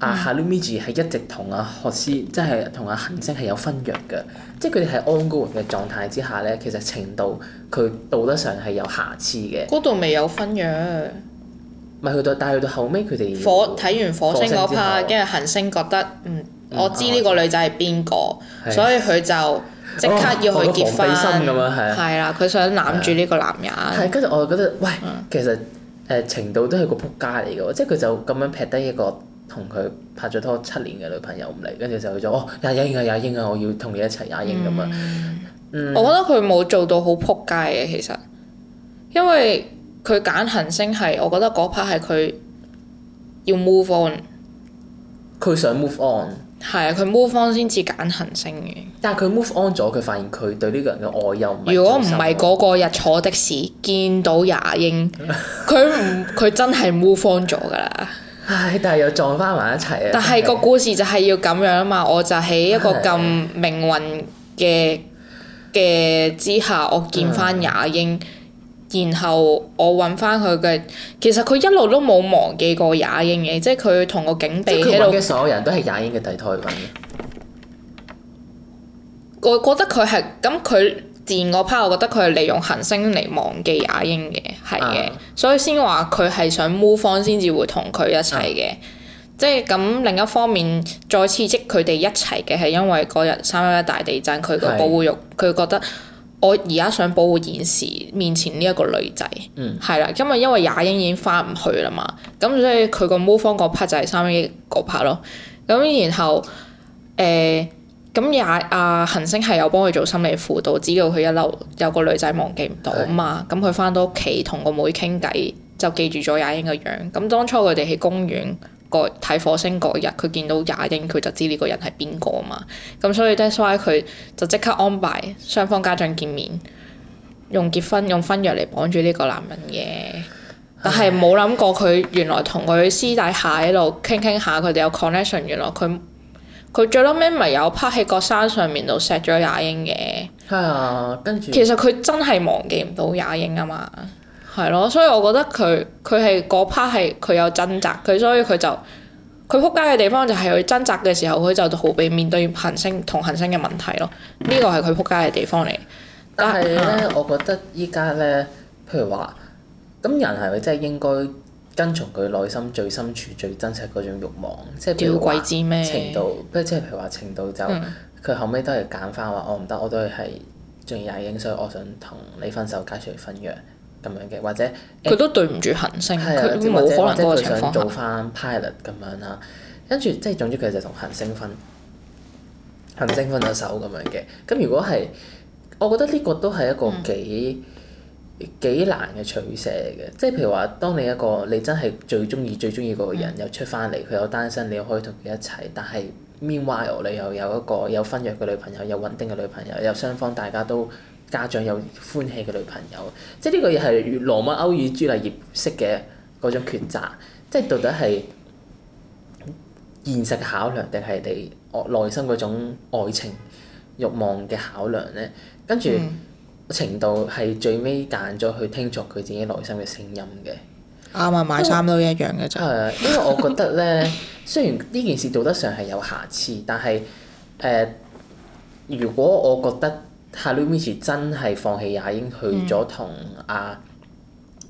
阿 Harumichi 係一直同阿、啊、學師即係同阿恆星係有分約嘅，即係佢哋係安哥嘅狀態之下咧，其實程度佢道德上係有瑕疵嘅。嗰度未有分約。唔係去到，但係佢到後尾，佢哋火睇完火星嗰 part，跟住恆星覺得嗯，嗯，我知呢個女仔係邊個，嗯、所以佢就即刻要去結婚。係啦、哦，佢、啊啊、想攬住呢個男人。係跟住我就覺得，喂，其實誒情道都係個撲街嚟嘅喎，即係佢就咁樣劈低一個同佢拍咗拖七年嘅女朋友唔嚟，跟住就去咗，哦，雅英啊雅英啊，我要同你一齊雅英咁啊！我覺得佢冇做到好撲街嘅其實，因為。佢揀行星係，我覺得嗰 part 係佢要 move on, on。佢想 move on。係啊，佢 move on 先至揀行星嘅。但係佢 move on 咗，佢發現佢對呢個人嘅愛又唔。如果唔係嗰個日坐的士見到雅英，佢唔佢真係 move on 咗㗎啦。唉！ [laughs] [laughs] [laughs] 但係又撞翻埋一齊啊！但係個故事就係要咁樣啊嘛！我就喺一個咁命運嘅嘅 [laughs] 之下，我見翻雅英。 [laughs] 然後我揾翻佢嘅，其實佢一路都冇忘記過雅英嘅，即係佢同個警備，喺度。即係佢揾嘅所有人都係雅英嘅底胎揾嘅。我覺得佢係咁，佢自然個拍，我，我覺得佢係利用行星嚟忘記雅英嘅，係嘅。啊、所以先話佢係想 move on 先至會同佢一齊嘅。啊、即係咁另一方面，再刺激佢哋一齊嘅係因為嗰日三一一大地震，佢個保護欲，佢覺得。我而家想保護現時面前呢一個女仔，係啦、嗯，因為因為也英已經翻唔去啦嘛，咁所以佢個 move on 嗰 part 就係三一嗰 part 咯，咁然後誒咁、呃、也啊，恆星係有幫佢做心理輔導，知道佢一路有個女仔忘記唔到啊嘛，咁佢翻到屋企同個妹傾偈就記住咗也英個樣，咁當初佢哋喺公園，睇火星嗰日，佢見到也英，佢就知呢個人係邊個嘛。咁所以 that's why 佢就即刻安排雙方家長見面，用結婚用婚約嚟綁住呢個男人嘅。但係冇諗過佢原來同佢私底下喺度傾傾下，佢哋有 connection。原來佢佢最嬲尾咪有趴喺個山上面度錫咗也英嘅。係啊，跟住其實佢真係忘記唔到也英啊嘛。係咯，所以我覺得佢佢係嗰 part 係佢有掙扎，佢所以佢就佢撲街嘅地方就係佢掙扎嘅時候，佢就逃避面對恆星同恆星嘅問題咯。呢個係佢撲街嘅地方嚟。但係咧，嗯、我覺得依家咧，譬如話咁人係咪真係應該跟從佢內心最深處最真實嗰種慾望？即係吊鬼知咩程度？不即係譬如話程，程度就佢、嗯、後尾都係揀翻話我唔得，我都係仲要也英，所以我想同你分手，解除婚約。咁樣嘅，或者佢都對唔住恆星，佢冇可能嗰個，或者佢想做翻 pilot 咁樣啦，跟住即係總之佢就同恆星分，恆星分咗手咁樣嘅。咁如果係，我覺得呢個都係一個幾幾、嗯、難嘅取捨嘅。即係譬如話，當你一個你真係最中意、最中意嗰個人又出翻嚟，佢又單身，你又可以同佢一齊。但係 meanwhile 你又有一個有婚約嘅女朋友，有穩定嘅女朋友，有雙方大家都家長有歡喜嘅女朋友，即係呢個又係羅密歐與朱麗葉式嘅嗰種抉擇，即係到底係現實嘅考量定係你內心嗰種愛情慾望嘅考量呢？跟住、嗯、程度係最尾揀咗去聽從佢自己內心嘅聲音嘅。啱啊、嗯！為買衫都一樣嘅啫為。 [laughs] 因為我覺得呢，雖然呢件事道德上係有瑕疵，但係誒、呃，如果我覺得。夏洛米奇真係放棄也已經去咗同阿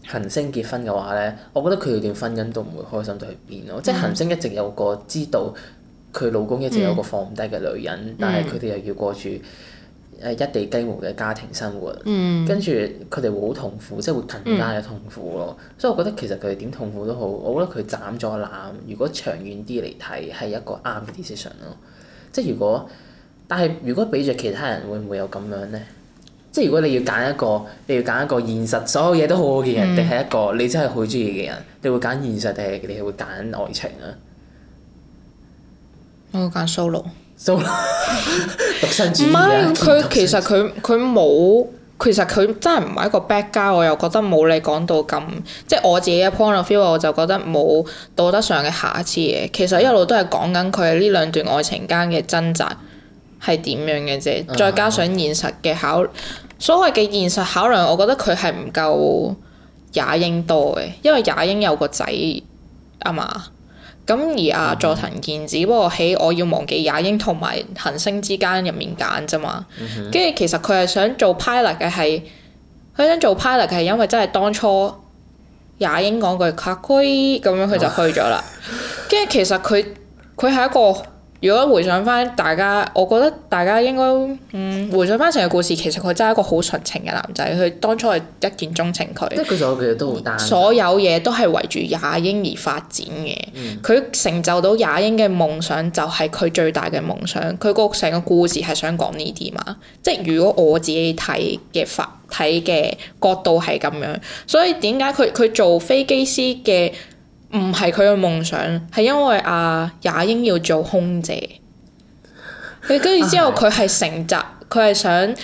恆星結婚嘅話咧，嗯、我覺得佢哋段婚姻都唔會開心到去邊咯。嗯、即係恆星一直有個知道佢老公一直有個放唔低嘅女人，嗯、但係佢哋又要過住誒一地雞毛嘅家庭生活，嗯、跟住佢哋會好痛苦，即係會更加嘅痛苦咯。嗯、所以我覺得其實佢哋點痛苦都好，我覺得佢斬咗纜，如果長遠啲嚟睇係一個啱嘅 decision 咯。即係如果。但係，如果俾着其他人，會唔會有咁樣呢？即係如果你要揀一個，你要揀一個現實，所有嘢都好好嘅人，定係、嗯、一個你真係好中意嘅人，你會揀現實定係你係會揀愛情啊？我揀 Solo。 [laughs] [laughs] 獨身主義。唔係佢其實佢佢冇，其實佢真係唔係一個 bad guy。我又覺得冇你講到咁，即係我自己嘅 point of view，我就覺得冇道德上嘅瑕疵嘅。其實一路都係講緊佢呢兩段愛情間嘅掙扎。係點樣嘅啫？再加上現實嘅考，uh huh. 所謂嘅現實考量，我覺得佢係唔夠雅英多嘅，因為雅英有個仔啊嘛。咁而阿、啊 uh huh. 佐藤健子，只不過喺我要忘記雅英同埋恆星之間入面揀啫嘛。跟住、uh huh. 其實佢係想做 pilot 嘅係，佢想做 pilot 嘅係因為真係當初雅英講句，佢咁樣，佢、huh. 就去咗啦。跟住、uh huh. 其實佢佢係一個。如果回想翻大家，我覺得大家應該嗯、回想翻成個故事，其實佢真係一個好純情嘅男仔，佢當初係一見鍾情佢。即所有嘢都係圍住也英而發展嘅，佢、嗯、成就到也英嘅夢想就係佢最大嘅夢想，佢個成個故事係想講呢啲嘛。即係如果我自己睇嘅法睇嘅角度係咁樣，所以點解佢佢做飛機師嘅？唔係佢嘅夢想，係因為啊、也英要做空姐。跟住之後，佢係成襲，佢係想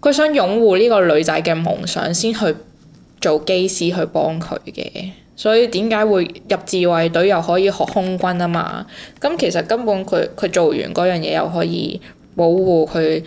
佢想擁護呢個女仔嘅夢想，先去做機師去幫佢嘅。所以點解會入自衞隊又可以學空軍啊嘛？咁其實根本佢佢做完嗰樣嘢又可以保護佢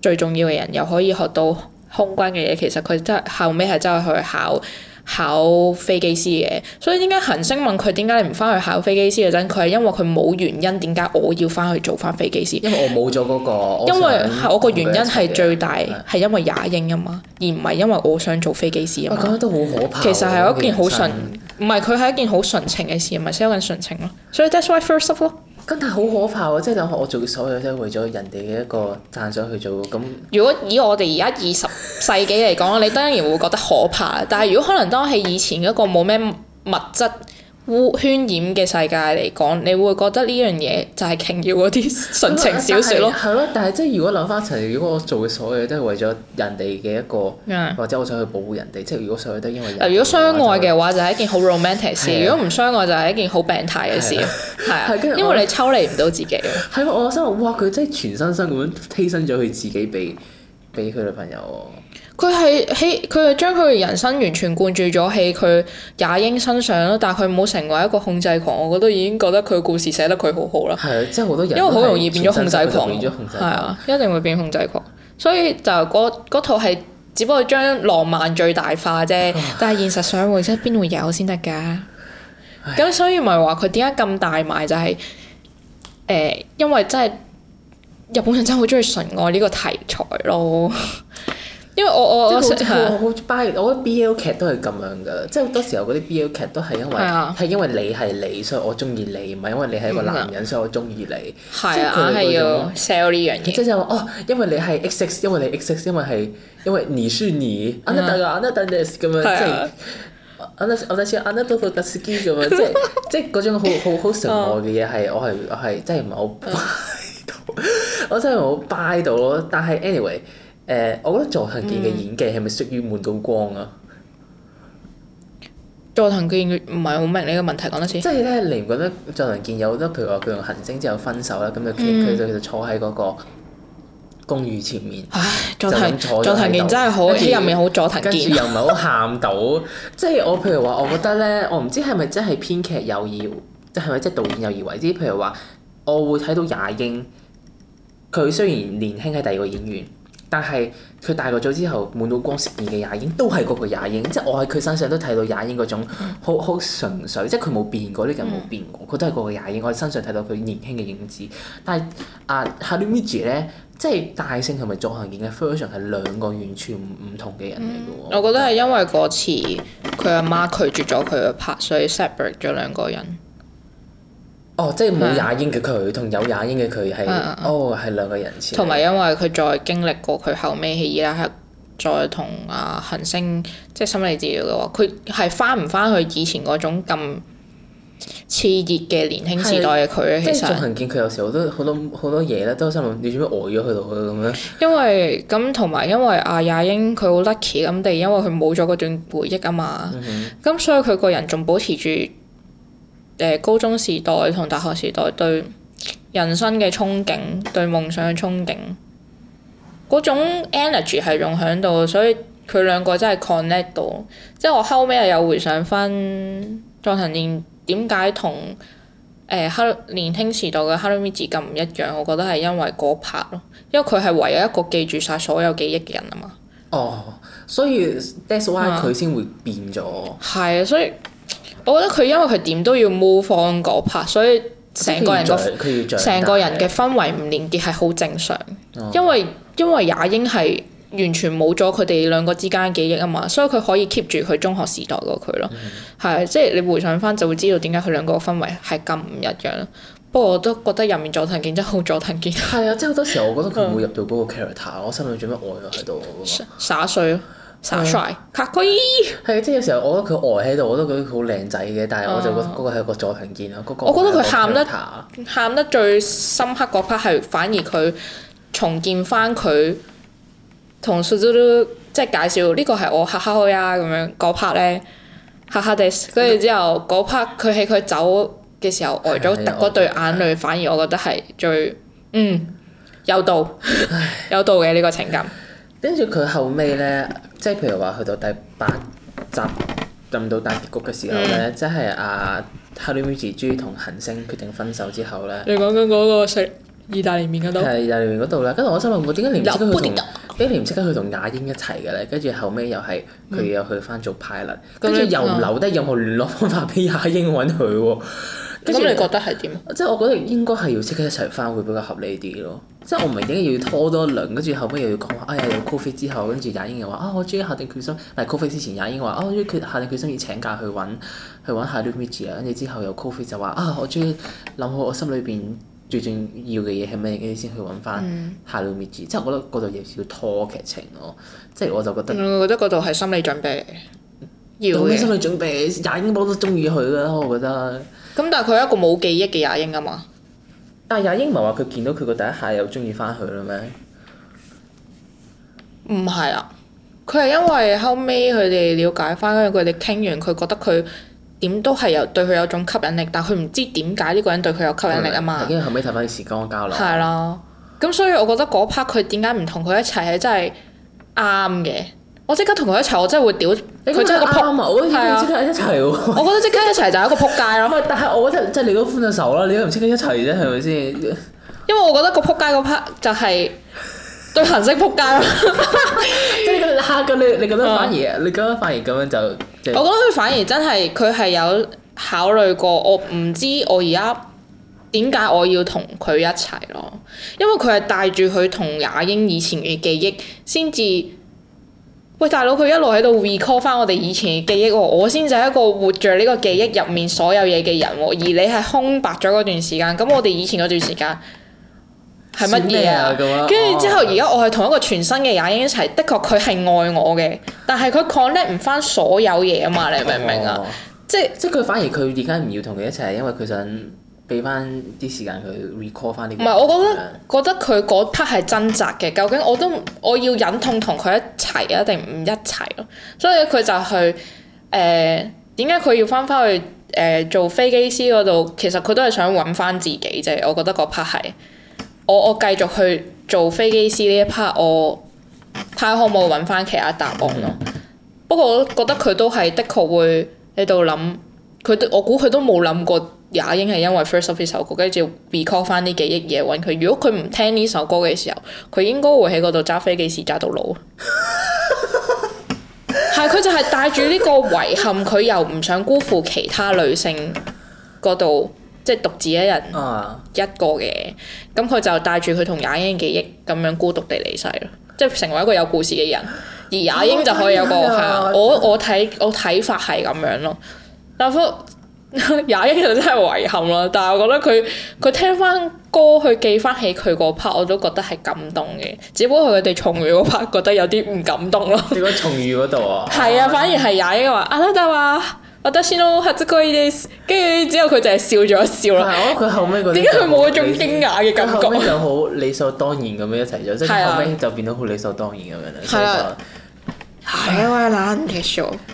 最重要嘅人，又可以學到空軍嘅嘢。其實佢真係後尾係真係去考。考飛機師嘅，所以點解恆星問佢點解你唔翻去考飛機師嘅陣，佢係因為佢冇原因點解我要翻去做翻飛機師，因為我冇咗嗰個，因為我個原因係最大係因為雅英啊嘛，嗯、而唔係因為我想做飛機師啊嘛，我覺得都好可怕，其實係一件好純，唔係佢係一件好純情嘅事，唔係 sell 緊純情咯，所、so、以 that's why first love 咯。咁但係好可怕喎！即係我我做所有都係為咗人哋嘅一個讚賞去做咁。如果以我哋而家二十世紀嚟講， [laughs] 你當然會覺得可怕。但係如果可能當係以前嗰個冇咩物質。污渲染嘅世界嚟講，你會覺得呢樣嘢就係瓊瑤嗰啲純情小説咯。係咯，但係即係如果諗翻一齊，如果我做嘅所有嘢都係為咗人哋嘅一個， [laughs] 或者我想去保護人哋，即係如果所有都因為。如果相愛嘅話，就係一件好 romantic 事，如果唔相愛，就係一件好病態嘅事。係啊，因為你抽離唔到自己 [laughs] 。係我心諗，哇，佢真係全身心咁樣犧牲咗佢自己俾俾佢女朋友。佢係喺佢係將佢嘅人生完全灌注咗喺佢也英身上咯，但係佢冇成為一個控制狂，我覺得已經覺得佢故事寫得佢好好啦。即係好多人，因為好容易變咗控制狂，係啊，一定會變控制狂。 [laughs] 所以就嗰套係只不過將浪漫最大化啫， [laughs] 但係現實上會真邊會有先得㗎。咁 [laughs] [laughs] [laughs] 所以咪話佢點解咁大賣就係、是呃、因為真係日本人真係好中意純愛呢個題材咯。 [laughs] 因為我我我好我 buy，我覺得 BL 劇都係咁樣噶，即係好多時候嗰啲 BL 劇都係因為係因為你係你，所以我中意你，唔係因為你係一個男人，所以我中意你。係啊，係要 sell 呢樣嘢。即係就話哦，因為你係 XX，因為你 XX，因為係因為尼酸尼。Anatella, Anatella 咁樣即係 Anatella, Anatella 咁樣即係即係嗰種好好好純愛嘅嘢係我係我係即係唔係我 buy 到，我真係冇 buy 到咯。但係 anyway。誒、呃，我覺得佐藤健嘅演技係咪屬於悶到光啊？佐、嗯、佐藤健唔係好明你嘅問題，講多次。即係咧，你唔覺得佐藤健有好多，譬如話佢同行星之後分手啦，咁就佢就坐喺嗰個公寓前面。唉，佐藤佐藤健真係好後，佢又唔係好佐藤健，又唔係好喊到。即係 [laughs] 我譬如話，我覺得咧，我唔知係咪真係編劇有意，即係咪真係導演有意為之？譬如話，我會睇到也英，佢雖然年輕喺第二個演員。但係佢大個咗之後，滿島光飾演嘅也英都係嗰個也英，即係我喺佢身上都睇到也英嗰種好好純粹，即係佢冇變過，呢個人冇變過，佢、嗯、都係嗰個也英，我喺身上睇到佢年輕嘅影子。但係啊，Harumichi 咧，即係大聖同埋佐藤健演嘅 version 係兩個完全唔唔同嘅人嚟嘅、嗯、我覺得係因為嗰次佢阿媽拒絕咗佢嘅拍，所以 Separate 咗兩個人。哦，即係冇也英嘅佢，同有也英嘅佢係，嗯、哦係兩個人，同埋因為佢再經歷過佢後尾喺伊拉克再同啊恆星，即係心理治療嘅話，佢係返唔返去以前嗰種咁熾熱嘅年輕時代嘅佢咧？是其實我係見佢有時候都好多好多嘢咧，都心諗你做咩呆咗佢度啊咁樣。因為咁同埋因為阿、啊、也英佢好 lucky 咁地，因為佢冇咗嗰段回憶啊嘛，咁、嗯、哼所以佢個人仲保持住。誒高中時代同大學時代對人生嘅憧憬，對夢想嘅憧憬，嗰種 energy 係用喺度，所以佢兩個真係 connect 到。即係我後尾又有回想翻莊臣燕點解同誒哈年輕時代嘅 h e l 哈羅米至今唔一樣，我覺得係因為嗰拍咯，因為佢係唯一一個記住晒所有記憶嘅人啊嘛。哦，所以 that's why 佢先會變咗。係啊，所以。我覺得佢因為佢點都要 move on 嗰 part 所以成個人個成個人嘅氛圍唔連結係好正常、哦因。因為因為也英係完全冇咗佢哋兩個之間記憶啊嘛，所以佢可以 keep 住佢中學時代嗰佢咯。係、嗯、即係你回想翻就會知道點解佢兩個氛圍係咁唔一樣。不過我都覺得入面佐藤健真好佐藤健。係、嗯、啊，即係好多時候我覺得佢冇入到嗰個 character，、嗯、我心裏做乜愛嘅喺度，灑碎咯。耍帥，卡佢，依、嗯，係啊愛！即係、就是、有時候、呃、時候，我覺得佢呆喺度，我都覺得佢好靚仔嘅，但係我就覺得嗰個係一個佐藤健咯。嗰、嗯、個，個我覺得佢喊得喊得最深刻嗰 part 係，反而佢重建翻佢同素素都即係介紹呢個係我哈哈開啊咁樣嗰 part 咧，哈哈地，跟住之後嗰 part 佢喺佢走嘅時候呆咗，掉嗰對眼淚，反而我覺得係最嗯有道唉有道嘅呢個情感。跟住佢後尾咧，即係譬如話去到第八集入到大結局嘅時候咧，嗯、即係阿、啊、h a r r y m u s i 同恆星決定分手之後咧，你講緊嗰個食意大利麵嗰度，係意大利麵嗰度啦。跟住我心諗，點解你唔識得去同，點解你唔識得去同雅英一齊嘅咧？跟住後尾又係佢又去翻做 pilot、嗯，跟住又唔留低任何聯絡方法俾雅英揾佢喎。嗯 [laughs] 咁你覺得係點？即係我覺得應該係要即刻一齊翻會比較合理啲咯。即係我唔明點解要拖多一輪，跟住後尾又要講、哎、呀，有 coffee 之後，跟住雅英又話啊，我終於下定決心，唔 coffee、嗯、之前，雅英話啊，我終於下定決心要請假去揾去揾下 Harumichi 啊。跟住之後有 coffee 就話啊，我終於諗好我心裏邊最重要嘅嘢係咩，跟住先去揾翻下 Harumichi、嗯、即係我覺得嗰度有少少拖劇情咯。即係我就覺得、嗯，我覺得嗰度係心理準備，做心理準備？雅英波都中意佢啦，我覺得。咁但係佢係一個冇記憶嘅也英啊嘛，但係也英唔係話佢見到佢個第一下又中意翻佢啦咩？唔係啊，佢係因為後尾佢哋了解翻，跟住佢哋傾完，佢覺得佢點都係有對佢有種吸引力，但係佢唔知點解呢個人對佢有吸引力啊嘛。因為後尾睇翻啲時間交流。係咯，咁所以我覺得嗰 part 佢點解唔同佢一齊係真係啱嘅。我即刻同佢一齊，我真係會屌！佢真係個撲冇，我覺得即刻一齊喎。我覺得即刻一齊就係一個撲街咯。但係我覺得即係你都歡咗手啦，你都唔即刻一齊啫？係咪先？因為我覺得個撲街嗰 part 就係對行色撲街咯。咁你你咁樣反而？Uh，你咁樣反而咁樣就？我覺得佢反而真係佢係有考慮過，我唔知我而家點解我要同佢一齊咯？因為佢係帶住佢同也英以前嘅記憶先至。喂，大佬，佢一路喺度 recall 翻我哋以前嘅記憶喎，我先就係一個活著呢個記憶入面所有嘢嘅人喎，而你係空白咗嗰段時間，咁我哋以前嗰段時間係乜嘢啊？跟住、哦、之後，而家我係同一個全新嘅人一齊，哦、的確佢係愛我嘅，但係佢 connect 唔翻所有嘢啊嘛，你明唔明啊？哦哦、即係即係佢反而佢而家唔要同佢一齊，因為佢想。俾翻啲時間佢 recall 翻啲。唔係、嗯，我覺得覺得佢嗰 part 係掙扎嘅。究竟我都我要忍痛同佢一齊啊，定唔一齊咯？所以佢就去，誒點解佢要翻返去誒、呃、做飛機師嗰度？其實佢都係想揾翻自己啫。我覺得嗰 part 係我我繼續去做飛機師呢一 part，我睇可唔可揾翻其他答案咯。嗯、不過我覺得佢都係的確會喺度諗，佢我估佢都冇諗過。雅英係因為 First Love 首歌，跟住 recall 翻啲記憶嘢揾佢。如果佢唔聽呢首歌嘅時候，佢應該會喺嗰度揸飛機時揸到老。係佢、 [laughs] 嗯、就係帶住呢個遺憾，佢又唔想辜負其他女性嗰度，即係獨自一人一個嘅。咁、嗯、佢、嗯嗯、就帶住佢同雅英嘅記憶咁樣孤獨地離世咯，即係成為一個有故事嘅人。而雅英就可以有個、嗯、我我睇我睇法係咁樣咯。廿一就真係遺憾啦，但係我覺得佢佢聽翻歌去記翻起佢嗰 part，我都覺得係感動嘅。只不過佢哋重遇嗰 part 覺得有啲唔感動咯。點解重遇嗰度啊？係啊，反而係廿、啊、一話、uh, 啊，啊，媽就話我得先咯，happily days 跟住之後佢就係笑咗一笑啦。點解佢冇嗰種驚訝嘅感覺？後尾就好理所當然咁樣一齊咗，即係後尾就變到好理所當然咁樣啦。係啊，係我難接受。 [laughs]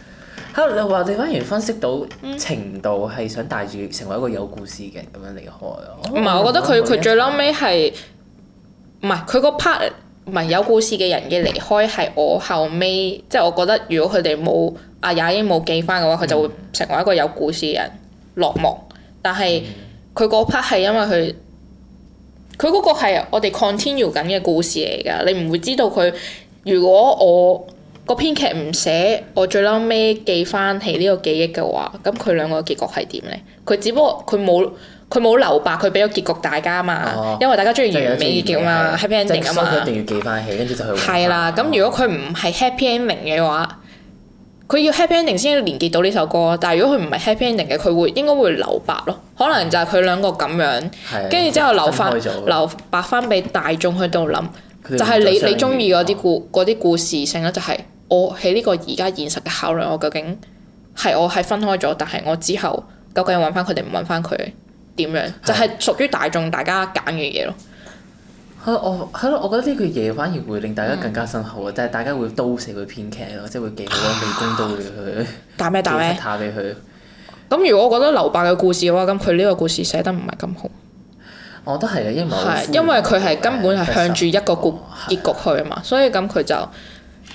啊！你話你反而分析到程度係想帶住成為一個有故事嘅人咁樣離開啊？唔係，我覺得佢佢最撚尾係唔係佢個 part 唔係有故事嘅人嘅離開係我後尾，即係我覺得如果佢哋冇阿雅英冇記翻嘅話，佢就會成為一個有故事嘅人落幕。但係佢嗰 part 係因為佢佢嗰個係我哋 continue 緊嘅故事嚟㗎，你唔會知道佢如果我。個編劇唔寫，我最嬲尾記翻起呢個記憶嘅話，咁佢兩個結局係點咧？佢只不過佢冇佢冇留白，佢俾咗結局大家嘛，哦、因為大家中意完美嘅結局嘛，happy ending 啊嘛。真佢一,一定要記翻起，跟住就去。係啦，咁如果佢唔係 happy ending 嘅話，佢要 happy ending 先連結到呢首歌。但係如果佢唔係 happy ending 嘅，佢會應該會留白咯。可能就係佢兩個咁樣，跟住的之後留翻留白翻俾大眾去度諗，就係、是、你你中意嗰啲故嗰啲故事性咯、就是，就係。我喺呢個而家現實嘅考慮，我究竟係我係分開咗，但係我之後究竟揾翻佢定唔揾翻佢點樣？就係、是、屬於大眾大家揀嘅嘢咯。係咯、啊，我係咯、啊，我覺得呢句嘢反而會令大家更加深厚啊！但係、嗯、大家會刀死佢編劇咯，即係會幾未面刀嘅佢。打咩打咩？咁、啊、如果我覺得留白嘅故事嘅話，咁佢呢個故事寫得唔係咁好。我都係，因為係因為佢係根本係向住一個結局,局去啊嘛，所以咁佢就。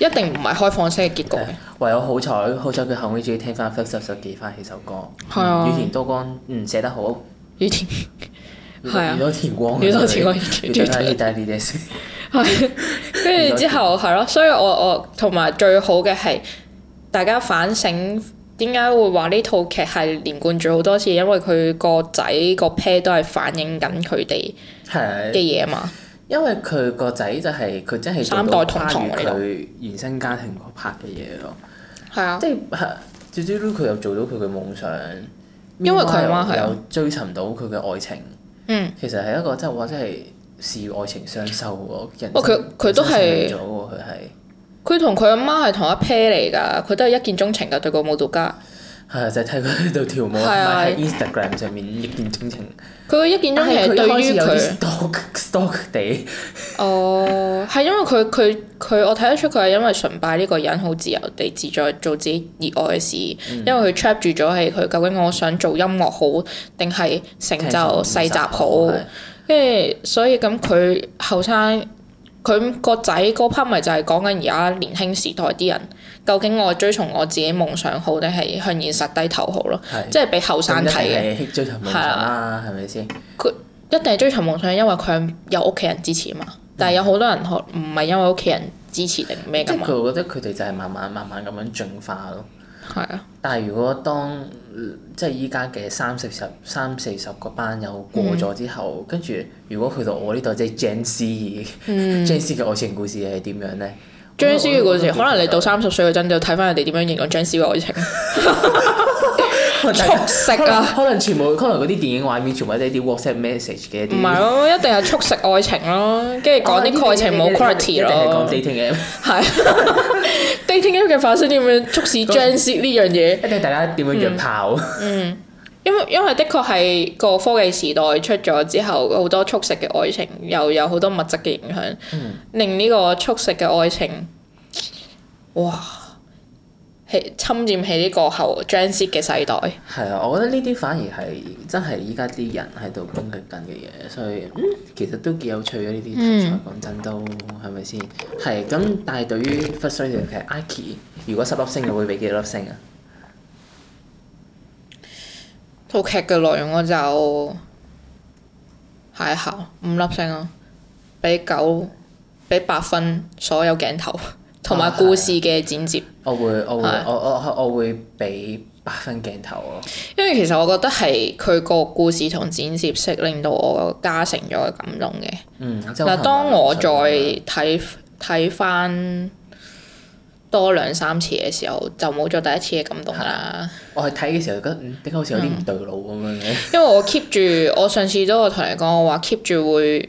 一定唔係開放式嘅結局。唯有好彩，好彩佢後尾仲要聽翻 First 十首幾番幾首歌。係啊。宇 [noise] 多田光唔寫得好。宇 [noise] 田。係啊。宇多田光。宇多田光已經跟住之後係咯，所以我我同埋最好嘅係大家反省點解會話呢套劇係連貫住好多次，因為佢個仔個 pair 都係反映緊佢哋嘅嘢嘛。因為佢個仔就係、是、佢真係做到跨越佢原生家庭嗰拍嘅嘢咯，即係至少佢又做到佢嘅夢想，因為佢阿媽係有追尋到佢嘅愛情，嗯、其實係一個即係話即係是視愛情雙收人。哦，佢佢都係佢同佢阿媽係同一 pair 嚟㗎，佢都係一見鍾情㗎對個舞蹈家。係就係睇佢喺度跳舞，唔係喺 [music] Instagram 上面一見鍾情。佢嘅一見鍾情係對於佢。stalk stalk 地。哦 [music] 係、啊、因為佢佢佢，我睇得出佢係因為崇拜呢個人，好自由地自在做自己熱愛嘅事。嗯、因為佢 trap 住咗係佢究竟我想做音樂好，定係成就細集好。跟住，所以咁佢後生，佢個仔嗰 part 咪就係講緊而家年輕時代啲人。究竟我追從我自己夢想好，定係向現實低頭好咯？是即係俾後生睇嘅，追求夢想啦，係咪先？佢吧一定係追尋夢想，因為佢有屋企人支持嘛。嗯、但係有好多人學唔係因為屋企人支持定咩咁。佢覺得佢哋就係慢慢慢慢咁樣進化咯。係啊。但係如果當、呃、即係依家嘅三四十、三四十個班友過咗之後，嗯、跟住如果去到我呢度即係 J C、嗯、 [laughs] J C 嘅愛情故事係點樣咧？僵屍嘅故事，可能你到三十歲嗰陣就睇翻人哋點樣形容僵屍嘅愛情 [laughs] 色、啊，速食啊！可能全部可能嗰啲電影畫面全部都係啲 WhatsApp message 嘅一啲，唔係咯，一定係速食愛情咯、啊，跟住講啲愛情冇 quality 咯、啊，定係講 dating app 係 dating 嘅發生點樣促使僵屍呢樣嘢？一定大家點樣約炮、嗯？嗯。因為因為的確係個科技時代出咗之後，好多速食嘅愛情，又有好多物質嘅影響，嗯、令呢個速食嘅愛情，哇，係侵佔起呢個後 Gen Z 嘅世代。係啊，我覺得呢啲反而係真係依家啲人喺度經歷緊嘅嘢，所以其實都幾有趣啊！呢啲題材講、嗯、真都係咪先？係咁，但係對於 First Love，其實 Aki，如果十粒星，你會俾幾多粒星啊？套劇嘅內容我就係好五粒星咯，啊，俾九俾八分，所有鏡頭同 [laughs] 埋故事嘅剪接。啊、的我會我會的我我我會俾八分鏡頭咯，哦。因為其實我覺得係佢個故事同剪接式令到我加成咗個感動嘅。嗱、嗯，當我再睇睇返，多兩三次嘅時候就冇咗第一次嘅感動啦。我係睇嘅時候覺得，嗯、點解好似有啲唔對路咁樣嘅？因為我 keep 住， [laughs] 我上次都有同你講，我話 keep 住會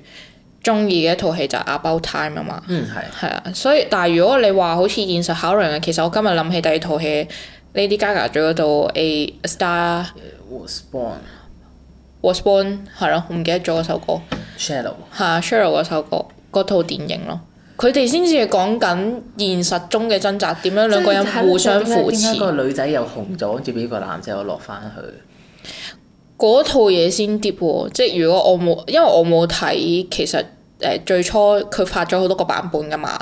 中意嘅一套戲就係 About Time 啊嘛。嗯，係。係啊，所以但係如果你話好似現實考量嘅，其實我今日諗起第二套戲 Lady Gaga 在嗰度 A Star yeah, Was Born，Was Born 係咯，唔記得咗嗰首歌。Shadow 係啊，Shadow 嗰首歌嗰套電影咯。佢哋先至係講緊現實中嘅掙扎，點樣兩個人互相扶持。嗰個女仔又紅咗，跟住俾個男仔又落翻去。嗰套嘢先啲喎，即係如果我冇，因為我冇睇，其實誒最初佢發咗好多個版本噶嘛。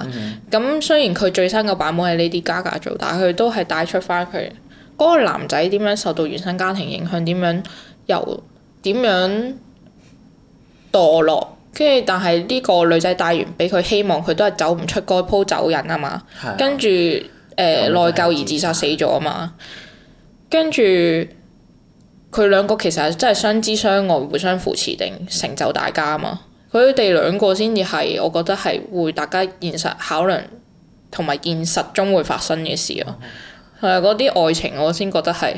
咁、嗯、雖然佢最新嘅版本係 Lady Gaga 做，但係佢都係帶出翻佢嗰個男仔點樣受到原生家庭影響，點樣由點樣墮落。跟住，但係呢個女仔帶完俾佢，希望佢都係走唔出嗰鋪走人啊嘛。 [noise] 跟住，誒、呃、內疚而自殺死咗啊嘛。的跟住佢兩個其實係真係相知相愛，互相扶持定成就大家啊嘛。佢哋兩個先至係，我覺得係會大家現實考量同埋現實中會發生嘅事咯。係嗰啲愛情，我先覺得係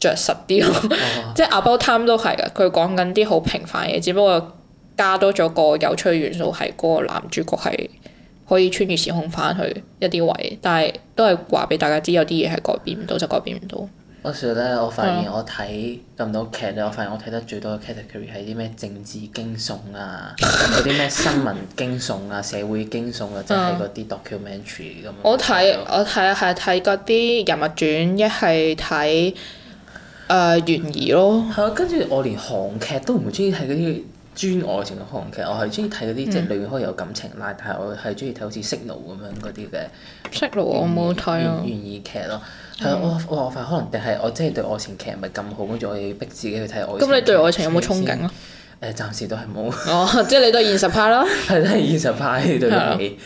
着實啲咯。即係 About Time 都係噶，佢講緊啲好平凡嘢，只不過。加多咗個有趣元素係嗰個男主角係可以穿越時空翻去一啲位，但係都係話俾大家知有啲嘢係改變唔到，就改變唔到。嗰時咧，我發現我睇咁多劇咧，我發現我睇得最多嘅 category 係啲咩政治驚悚啊，嗰啲咩新聞驚悚啊、社會驚悚啊，即係嗰啲 documentary 咁。我睇我係係睇嗰啲人物傳，一係睇誒懸疑咯。係啊，呃、跟住我連韓劇都唔中意睇啲。專愛情嘅韓劇，我係中意睇嗰啲即係入面可以有感情啦，但係我係中意睇好似《Signal、嗯》咁樣嗰啲嘅。Signal 我冇睇啊！懸疑劇咯，係我我我發可能定係我真係對愛情劇唔係咁好，跟住我要逼自己去睇愛情劇。咁你對愛情有冇憧憬啊？誒、嗯，嗯、 [laughs] 暫時都係冇。哦，即係你對現實派咯？係真係現實派對你，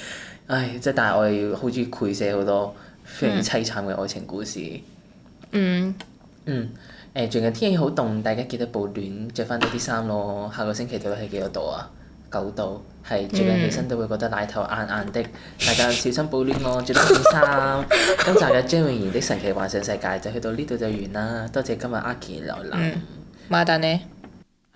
嗯、唉！即係但係我哋要好中意寫好多非常之凄慘嘅愛情故事。嗯。嗯。 [laughs] 誒、呃、最近天氣好凍，大家記得保暖，著翻多啲衫咯。下個星期度係幾多度啊？九度，係最近起身都會覺得奶頭硬硬的，大家小心保暖喎、哦，著 [laughs] 多件衫。今集嘅張穎賢的神奇幻想世界就去到呢度就完啦，多謝今日 Aki 來啦。麻煩你。